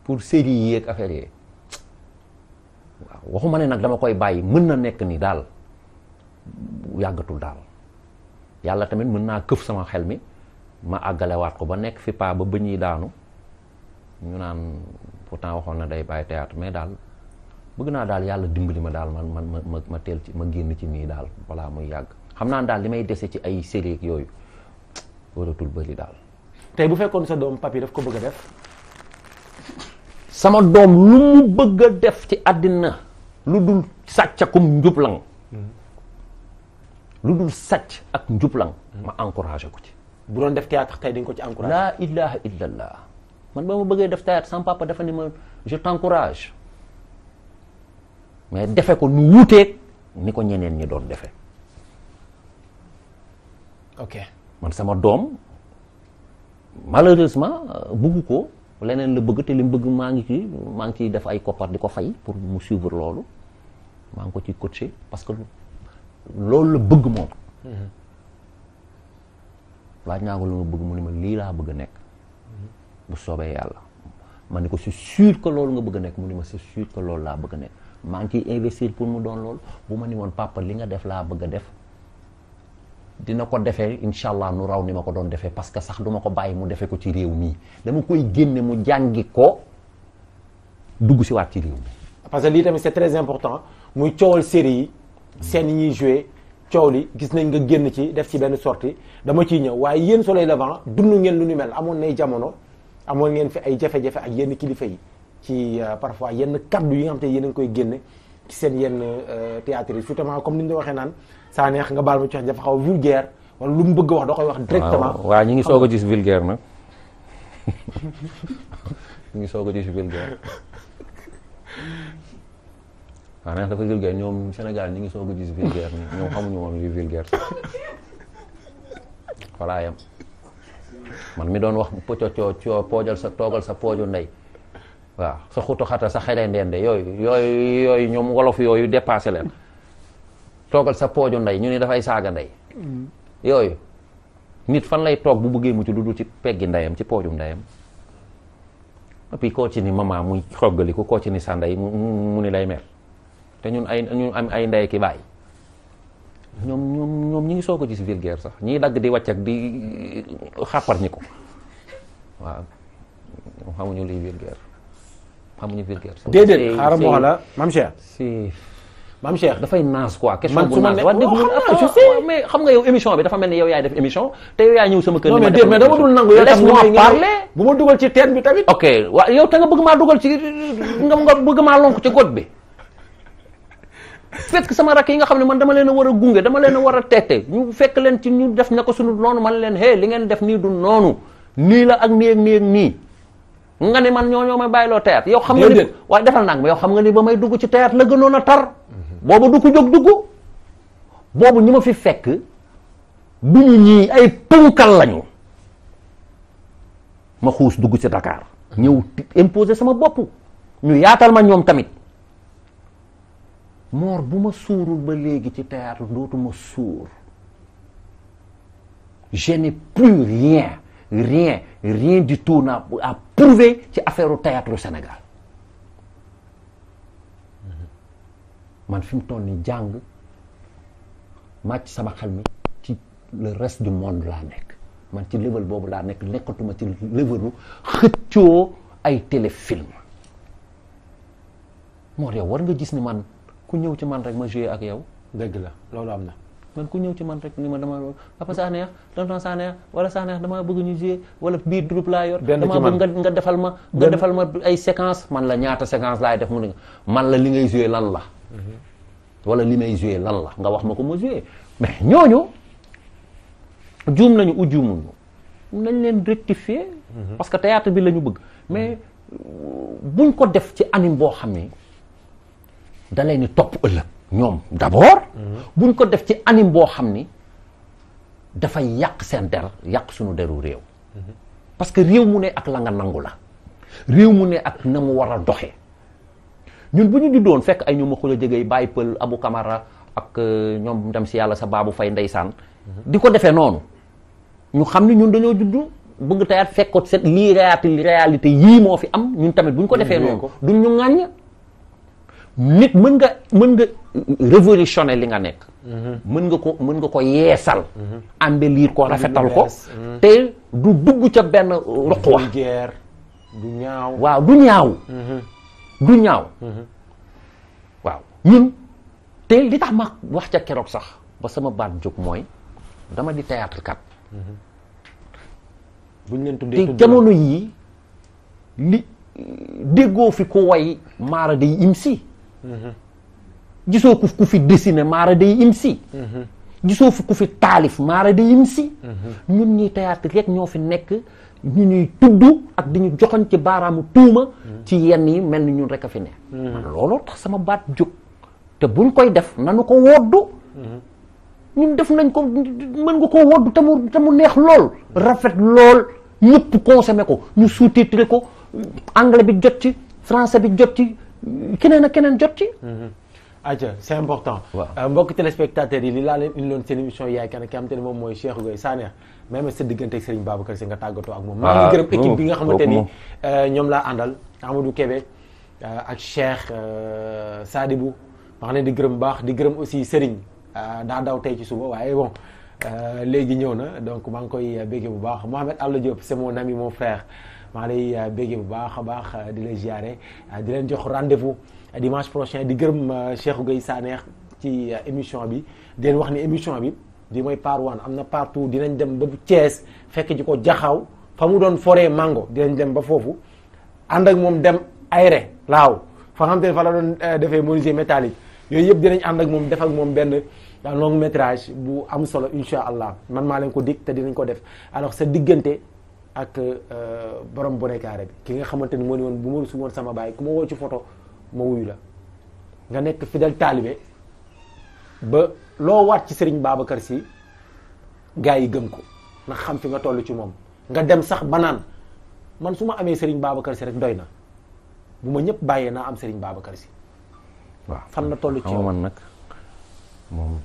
pour série yi affaire yi waaw waxuma ne nag dama koy bàyyi mën na nekk ni daal yàggatul daal yàlla tamit mën naa këf sama xel mi. ma àggalewaat ko ba nekk fi paa ba bëñ yi daanu ñu naan pourtant waxoon na day bàyyi théâtre mais daal bëgg naa daal yàlla dimbali ma daal man man ma ma ma teel ci ma génn ci mii daal balaa muy yàgg xam naa daal li may dese ci ay série yooyu waratul bëri daal. tey bu fekkoon sa doom papi daf ko bëgga def. sama doom lu mu bëgg def ci àddina lu dul sàccakum njublang mm-hmm. lu dul sàcc ak njublang ma encouragé ko ci. bu doon def théâtre tey dañ ko ci encouragé. la ilaha illallah man ba ma bëggee def théâtre sama papa dafa ni ma je t'encourage mais defe ko nu wuuteeg ni ko ñeneen ñi doon defe ok man sama doom malheureusement euh, bëggu ko leneen la bëgg te lim bëgg maa ngi ci maa ngi ciy def ay koppar di ko fay pour mu suivre loolu maa ngi ko ci coaché parce que loolu la bëgg moom. Mm-hmm. laaj naa ko lu nga bëgg mu ni ma lii laa bëgg a nekk bu soobee yàlla ma ne ko c'est sûr que loolu nga bëgg a nekk mu ni ma c'est sûr ko loolu laa bëgg a nekk maa ngi ciy pour mu doon lool bu ma ni woon papa li nga def laa bëgg a def dina ko defee incha allah nu raw ni ma ko doon defee parce que sax duma ko bàyyi mu defee ko ci réew mii dama koy génne mu jàngi ko dugg si waat ci réew mi parce que lii tamit c'est très important muy coowal série yi seen yi ñuy joué coow li gis nañ nga génn ci def ci benn sortie dama ciy ñëw waaye yéen Soleil Levant dund ngeen lu nu mel amoon nay jamono amoon ngeen fi ay jafe-jafe ak yenn kilifa yi ci euh, parfois yenn kaddu yi nga xam te yéen a koy génn ci seen yenn euh, théâtre yi surtout comme ni nga waxee naan saa neex nga baal ma ci wax dafa xaw vulgaire wala lu mu bëgg a wax da koy wax directement waaw ñu ngi soog a gis vulgaire nag <laughs> ñu ngi soog a gis vulgaire <laughs> waaw neex dafa vulgaire ñoom Sénégal ñu ngi soog a gis vulgaire nii ñoom xamuñu woon li vulgaire voilà man mi doon wax pëccoo poojal sa toogal sa pooju ndey waaw sa xutu xata sa xele ñoom wolof yooyu dépassé leen toogal sa pooju ndey ñu ni dafay saaga ndey mm-hmm. yooyu nit fan lay toog bu bëggee mucc lu dul ci peggi ndeyam ci poojum ndeyam et puis koo ci ni maman muy ko koo sa ndey mu ni lay mer te ñun ay ñu am ay ndey ki bàyyi ñoom ñoom ñoom ñi ngi soog a gis vulgaire sax ñiy dagg di wàcc ak di uh, xàppar ñi ko waaw ñoom xamuñu luy vulgaire xamuñu vulgaire. déedéet xaaral ma wax la si maam Cheikh dafay naas quoi. question bu ah, ah, xam nga yow émission bi dafa mel ni yow yaay def émission te yow yaay ñëw sama kër. ni ma def mais dama dul nangu bu ma dugal ci teen bi tamit. ok waaw yow te nga bëgg maa dugal ci nga bëgg maa lonk ci got bi. fekk sama rakk yi nga xam ne man dama leen a war a gunge dama leen a war a teete ñu fekk leen ci ñu def na ko suñu noonu man leen hé li ngeen def nii du noonu nii la ak nii ak nii ak nii nga ne man ñoo ñoo may bàyyiloo théâtre yow xam nga ni waaye defal naa yow xam nga ni ba may dugg ci théâtre la gënoon a tar boobu du ko jóg dugg boobu ñi ma fi fekk du ñu ñii ay punkal lañu ma xuus dugg ci Dakar ñëw imposer sama bopp ñu yaatal ma ñoom tamit moor bu ma suurul ba léegi ci théâtre dootuma suur je n'ai plus rien rien rien du tout na à ci affaire au théâtre Sénégal man fi mu toll ni jàng màcc sama xel mi ci le reste du monde laa nekk man ci level boobu laa nekk nekkatuma ci levelu xëccoo ay téléfilm moo de war nga gis ni man ku ñëw ci man rek ma joué ak yow. dëgg la loolu am na. man ku ñëw ci man rek ni ma dama papa Sanex ah, tonton Sanex ah, wala Sanex ah, damaa bëgg ñu jouer wala biir groupe laa yor. benn damaa bëgg nga defal ma. nga defal ma ay séquence man la ñaata séquence laa def mu ne man la li ngay jouer lan la. Mhm. wala li may jouer lan la nga wax ma ko ma jouer mais ñooñu juum nañu u juumuñu nañ leen rectifier. Mhm. parce que théâtre bi lañu bëgg. mais euh, buñ ko def ci anime boo xam da leen ni topp ëllëg ñoom d'abord buñ ko def ci anim boo xam ni dafay yàq seen der yàq suñu deru réew parce que réew mu ne ak langa nangu la réew mu ne ak na mu war a doxee ñun bu ñu juddoon fekk ay ñoom a xula jegey bàyyi pël abu kamara ak euh, ñoom dem si yàlla sa baabu fay ndeysaan di ko defee noonu ñu xam ni ñun dañoo juddu bëgg tayaat fekk ko set lii réalité yii moo fi am ñun tamit buñ ko defee noonu duñ ñu ŋàññ nit mën nga mën nga révolutionner li nga nekk mhm. mën nga ko mën nga ko yeesal mhm. liir ko rafetal ko mhm. te du dugg ca benn roq wax du ñaaw waaw du ñaaw du ñaaw waaw ñun te li tax ma wax ca keroog sax ba sama baat jóg mooy dama di théâtre kat leen tuddee te jamono yii li déggoo fi ku way maara day imsi gisoo ku ku fi dessiné maara day im si mhm. gisoo fi ku fi taalif maara day im si mhm. ñun ñuy théâtre rek ñoo fi nekk ñu ñuy tudd ak di ñu joxoñ ci baaraamu tuuma mhm. ci yenn yi mel ni ñun rek a fi ne looloo tax sama baat jóg te buñ koy def nanu ko woddu ñun def nañ ko mën nga koo woddu te mu mu neex lool rafet lool ñëpp consommé ko ñu sous-titré ko anglais bi jot ci français bi jot ci keneen ak keneen jot ci. Mm-hmm. atia c' est important. Euh, mbokk téléspectateurs yi li laa leen indiloon seen émission yaay kan ki am te ne moom mooy Cheikh Gueye Sané même sa diggante ak Serigne Babacar Sy nga tàggatoo ak moom. waaw ah, bi nga xamante ni euh, ñoom laa àndal Amadou Kébé euh, ak Cheikh Sadibou maa ngi leen di gërëm baax di gërëm aussi Serigne daa daw tey ci suba waaye bon. léegi ñëw na donc maa ngi koy bégge bu baax Mohamed Alla Diop c'est mon ami mon frère maa lay euh, béggee bu baax a baax euh, di lay ziare euh, di leen jox rendez-vous dimanche prochain di gërëm Cheikhou saa neex ci émission bi di leen wax ni émission bi di mooy part one am na partout dinañ dem ba Thiès fekk ji ko jaxaw fa mu doon foree mango dinañ dem ba foofu ànd ak moom dem Aéré laaw fa nga xam te fa la doon defee menuisier métallique yooyu yëpp dinañ ànd ak moom def ak moom benn long métrage bu am solo incha allah man maa leen ko dig te dinañ ko def alors sa diggante ak euh, borom bonnet bi ki nga xamante ni moo ne woon bu ma su woon sama baay ku ma woo ci foto ma wuyu la nga nekk fidèle taalibe ba loo waat ci Serigne Babacar si gars yi gëm ko ndax xam fi nga toll ci moom nga dem sax ba naan man su ma amee Serigne Babacar Sy rek doy na bu ma ñëpp bàyyee naa am Serigne Babacar Sy waaw fan la toll ci man nag moom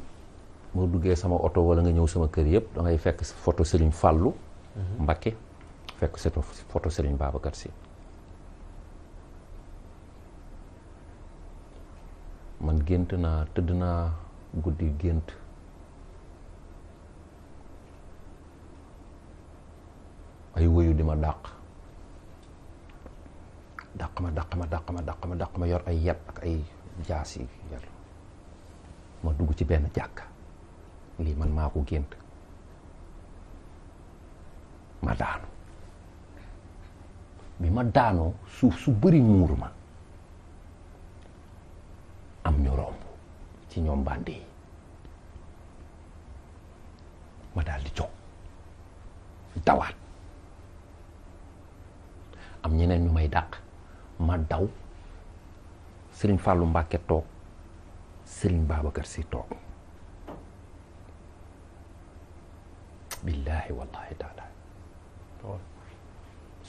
boo duggee sama oto wala nga ñëw sama kër yëpp da ngay fekk photo Serigne Fallou mhm. Mbacké fekk c'est photo Serigne Babacar Sy man gént naa tëdd naa guddi gént ay wëyu di ma dàq dàq ma dàq ma dàq ma dàq ma dàq ma yor ay yet ak ay jaas ma dugg ci benn jàkka lii man maa ko gént ma daanu bi ma daanoo suuf su bëri muur ma am ñu romb ci ñoom bàndi ma daldi di jóg dawaat am ñeneen ñu may dàq ma daw Sëriñ Fàllu Mbàkke toog Sëriñ Babacar Si toog billaahi wallaahi taala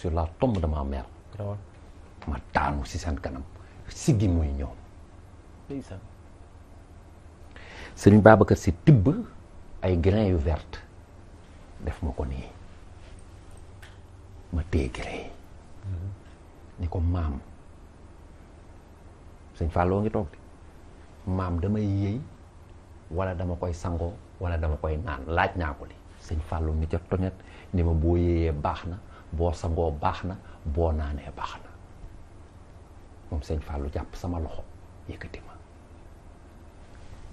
sur la tombe de ma mère. ma daanu si seen kanam siggi muy ñëw. sëriñ Babacar si tibb ay grain yu verte def ma ko nii ma téye grain yi. Mhm. ni ko maam sëñ Fallou ngi toog de maam damay yëy walla dama koy sangoo wala dama koy naan laaj naa ko li sëñ Fallou ni ca toñet ni ma boo yëyee baax na. boo sangoo baax na boo naanee baax na moom seen Fallou jàpp sama loxo yëkkati ma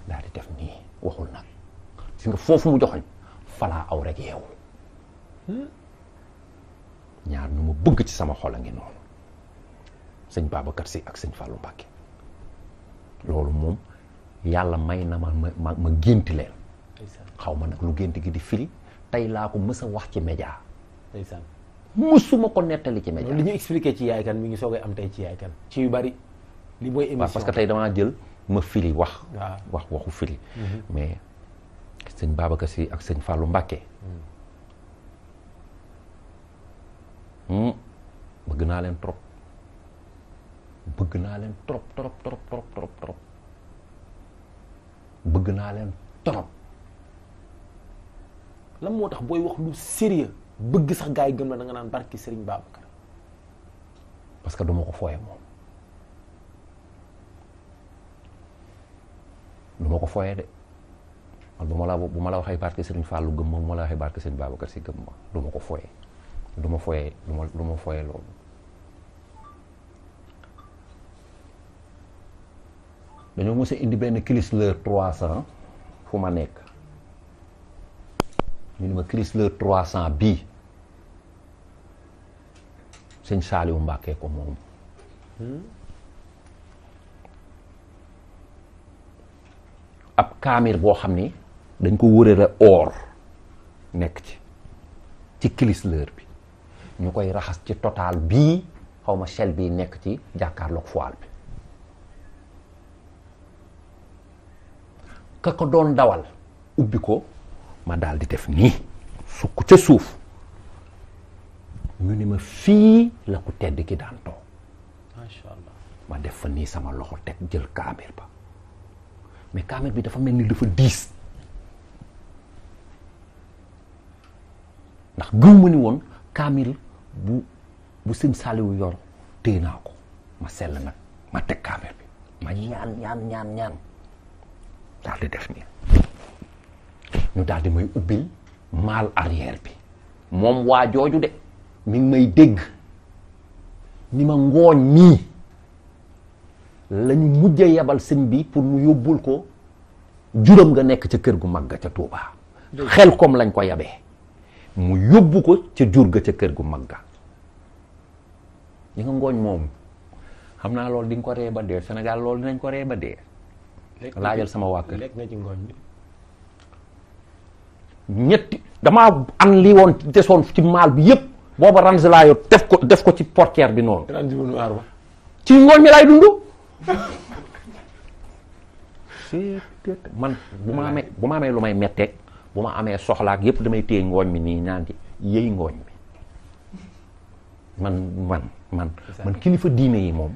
daal di def nii waxul nag si nga foofu mu joxoñ falaa aw rek ñaar nu ma bëgg ci sama xol a ngi noonu sëñ Babacar Si ak sëñ Fallou Mbacke loolu moom yàlla may na ma ma ma gént leen xaw ma nag lu gént gi di firi tey laa ko mës a wax ci média musuma ko nettali ci média. li ñu expliqué ci yaay kan mi ngi soog am tey ci yaay kan ci yu bari li mooy émission parce que tey damaa jël ma firi wax. wax waxu firi. Mhm. mais sëñ Babacar si ak sëñ Fallou Mbacké. Mhm. Hmm. bëgg naa leen trop bëgg naa leen trop trop trop trop trop trop bëgg naa leen trop lan moo tax booy wax lu sérieux bëgg sax gaa yi gëm la da nga naan barki Serigne Babacar parce que du ko fooye moom du ko fooye de man bu ma la bu ma la waxee barke Serigne fàllu gëm ma bu ma la waxee barke Serigne Babacar si gëm ma ko fooye duma ma fooye du ma du ma fooye loolu dañoo mës indi benn kilis leur trois cents fu ma nekk ñu ne ma Chrysler 300 bii sëñ Saaliwu Mbàkke ko moom ab kaamir boo xam ni dañ ko wërale or nekk ci ci Chrysler bi ñu koy raxas ci totaal bii xaw ma chel bii nekk ci jàkkaarloog foile bi ka ko doon dawal ubbi ko ma daal di def nii sukk ca suuf ñu ni ma fii la ku tedd ki daan toog macha ma def fa sama loxo teg jël kaamir mais kaamir bi dafa mel ni dafa diis ndax gëw woon kaamil bu bu sëñ Saaliwu yor téye ma sell nag ma teg kaamir bi ma ñaan ñaan ñaan ñaan daal di def nii ñu daal di may ubbil maal arrière bi moom waa jooju de mi ngi may dégg ni ma ngooñ mii la ñu mujjee yebal sëñ bi pour mu yóbbul ko juróom nga nekk ca kër gu mag ga ca Touba. xel kom lañ ko yabee mu yóbbu ko ca jur ga ca kër gu mag ga ñi nga ngooñ moom xam naa loolu di nga ko ree ba dee Sénégal loolu dinañ ko ree ba dee laajal sama waa kër lekk na ci ngooñ bi ñetti damaa am li woon desoon ci maal bi yëpp booba rangelaa yo def ko def ko ci portière bi noonu ci ngooñ mi laay dund man bu ma amee bu ma amee lu may metteek bu ma amee soxlaak yëpp damay téye ngooñ mi nii ñaan ci yëy ngooñ mi man man man kilifa diine yi moom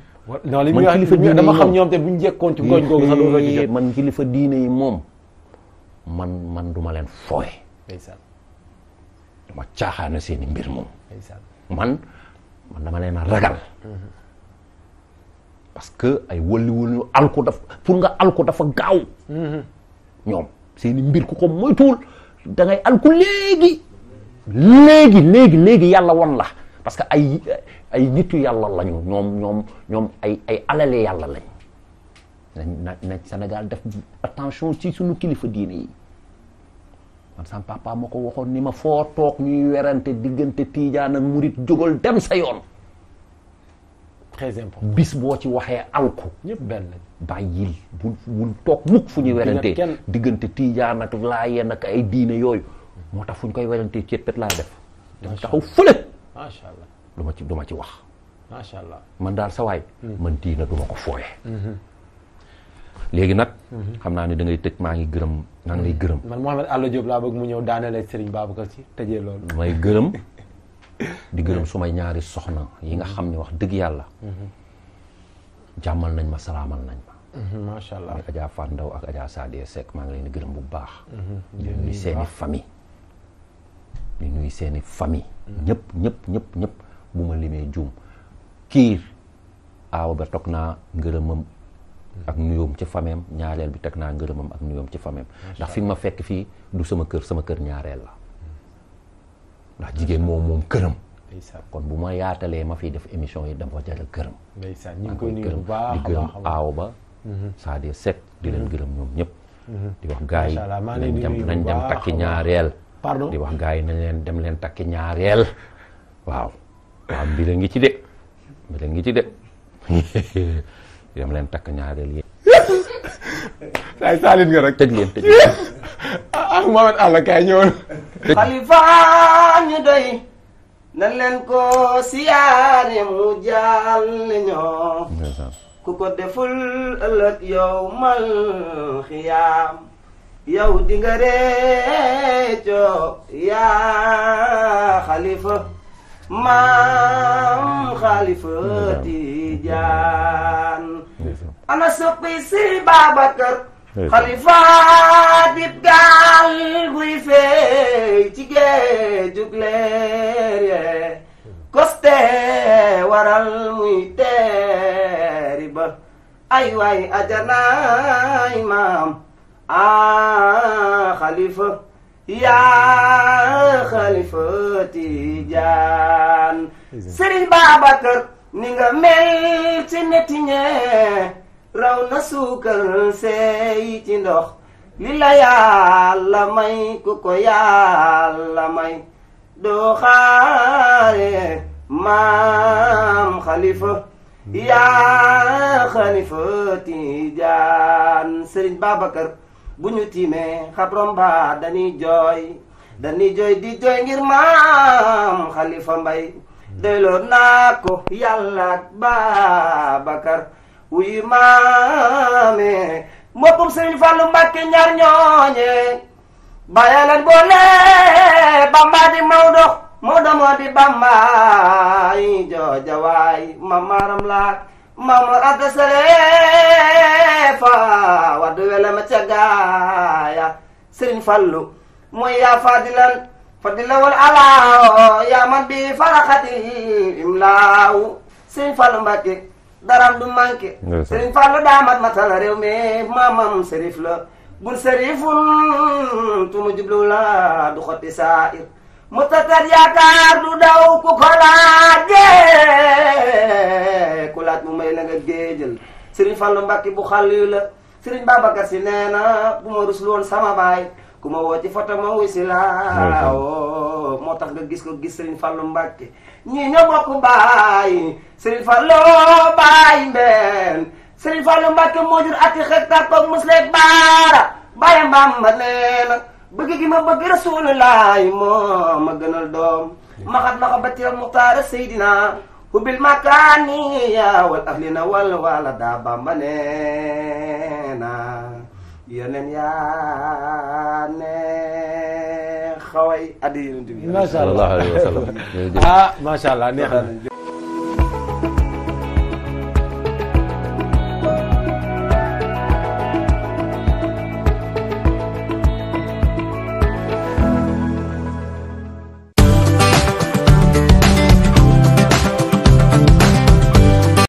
man kilifa diine yi moom dama kilifa diine yi moom man man du ma leen fooye dama caaxaana seeni mbir moom man man dama leen a ragal mm-hmm. parce que ay wëlli wëlli alku pour nga alku dafa gaaw mm-hmm. ñoom seeni mbir ku ko moytuwul da ngay alku léegi léegi léegi léegi yàlla won la parce que ay ay nitu yàlla lañu ñoom ñoom ay ay alale yàlla lañ na Sénégal def attention ci suñu kilifa diine yi man sama papa ko waxoon ni ma foo toog ñuy werante diggante tiijaan ak murit jógal dem sa yoon bis boo ci waxee alku ñëpp benn bàyyil bu bul toog mukk fu ñuy werante diggante tiijaan laa laayeen ak ay diine yooyu moo tax fu ñu koy werante ceet pet laa def dama taxaw fële macha ma ci duma ci wax macha man daal sa waay hmm. man diina du ko fooye hmm. léegi nag. Mhm. xam naa ni da ngay tëj maa ngi gërëm maa ngi lay mhm. gërëm. man Mouhamed Alla Diop laa bëgg mu ñëw daanelee Serigne Babacar Sy tëjee loolu. may gërëm <laughs> di gërëm sumay ñaari soxna yi nga xam ne wax dëgg yàlla. Mhm. jàmmal nañ ma salaamal nañ ma. macha allah muy Adja Fatou Ndaw ak Adja Sadio Seck maa ngi leen di gërëm bu baax. di nuyu seen i famille. di nuyu seen i famille. ñëpp ñëpp ñëpp ñëpp bu ma limee juum kiir aawa ba toog naa ngërëmam. ak nuyoom ci fameem ñaareel bi teg naa ngërëmam ak nuyoom ci fameem ndax fi ma fekk fii du sama kër sama kër ñaareel la ndax jigéen moom moom këram kon bu ma yaatalee ma fi def émission yi dama jël këram ñu ngi koy nuyu bu baax di gërëm aaw ba cest à set di leen mhm. gërëm ñoom ñëpp mhm. di wax gars yi nañ dem nañ dem takki ñaareel pardon di wax gars yi nañ leen dem leen takki ñaareel waaw waaw mbir a ngi ci de mbir ngi ci de <laughs> yam leen takk ñaareel yéen. saay <laughs> saalit nga rek. tëj leen tëj leen. <laughs> Ah, ah Mohamed Alla kaay ñëwoon. xalifa ñu doy. nan leen ko siyaare mu jàll ñoo. ku ko deful ëllëg yow mal yow di nga réccoo yaa xalifa. maam xaalifa Tijaan ana soppi si Babacar xalifa dib gaal guy feey ci géejug leer yee koste waral muy teeri ba ay waay ajanaay maam a ah, xalifa yaa xalifati jaan sëriñ Babacar ni nga mel ci netiñe raw na suukar seey ci ndox li la may ku ko yàlla may doo maam xalifa yaa xalifa Tijaan sëriñ Babacar bu ñu tiimee xabrom ba dañuy jooy dañuy jooy di jooy ngir maam xalifa mbay doyloo naa ko yàlla ak Baabakar wuy maame moppum sëriñ Fàllu Mbàkke ñaar ñooñe bàyyi leen boole Bamba di Maodo Maodo moo di Bamba yi jooja waay mamaaram laak maam adda sële fa waddu wele ma ca gaaya sëriñ Fàllu mooy yaa fadilan fadilawal alaaw yaa man bi faraxati imlaaw sëñ Fallou Mbacke daram du manqué sëriñ Fallou daamat matal réew mi maamam sërif la bun sërifun tumu jublu la du xotti saa'ir mu tatat yaakaar du daw ku ko laajee ku laaj mu may la nga géejël sëriñ Fallou Mbacke bu xàll yu la sëriñ Babacar si nee bu ma ruslu woon sama baay ku ma woo ma wuy laa woo moo tax nga gis ko gis Serigne Fallou Mbacke ñii ñoo bokk baay Serigne Fallou baay mbeen Serigne Fallou Mbacke moo jur ati xektaat koog musleeg baara bàyyi mbaam ba nee na bëgg gi ma bëgg Rasulullah moo ma gënal doom maxat maxabatil muxtaara Seydina hubil makaani yaa wal ahlina wal wala daa bamba nee yeneen yaa ne xaway addi yeneen bi. macha allah <laughs> ah, macha allah neex na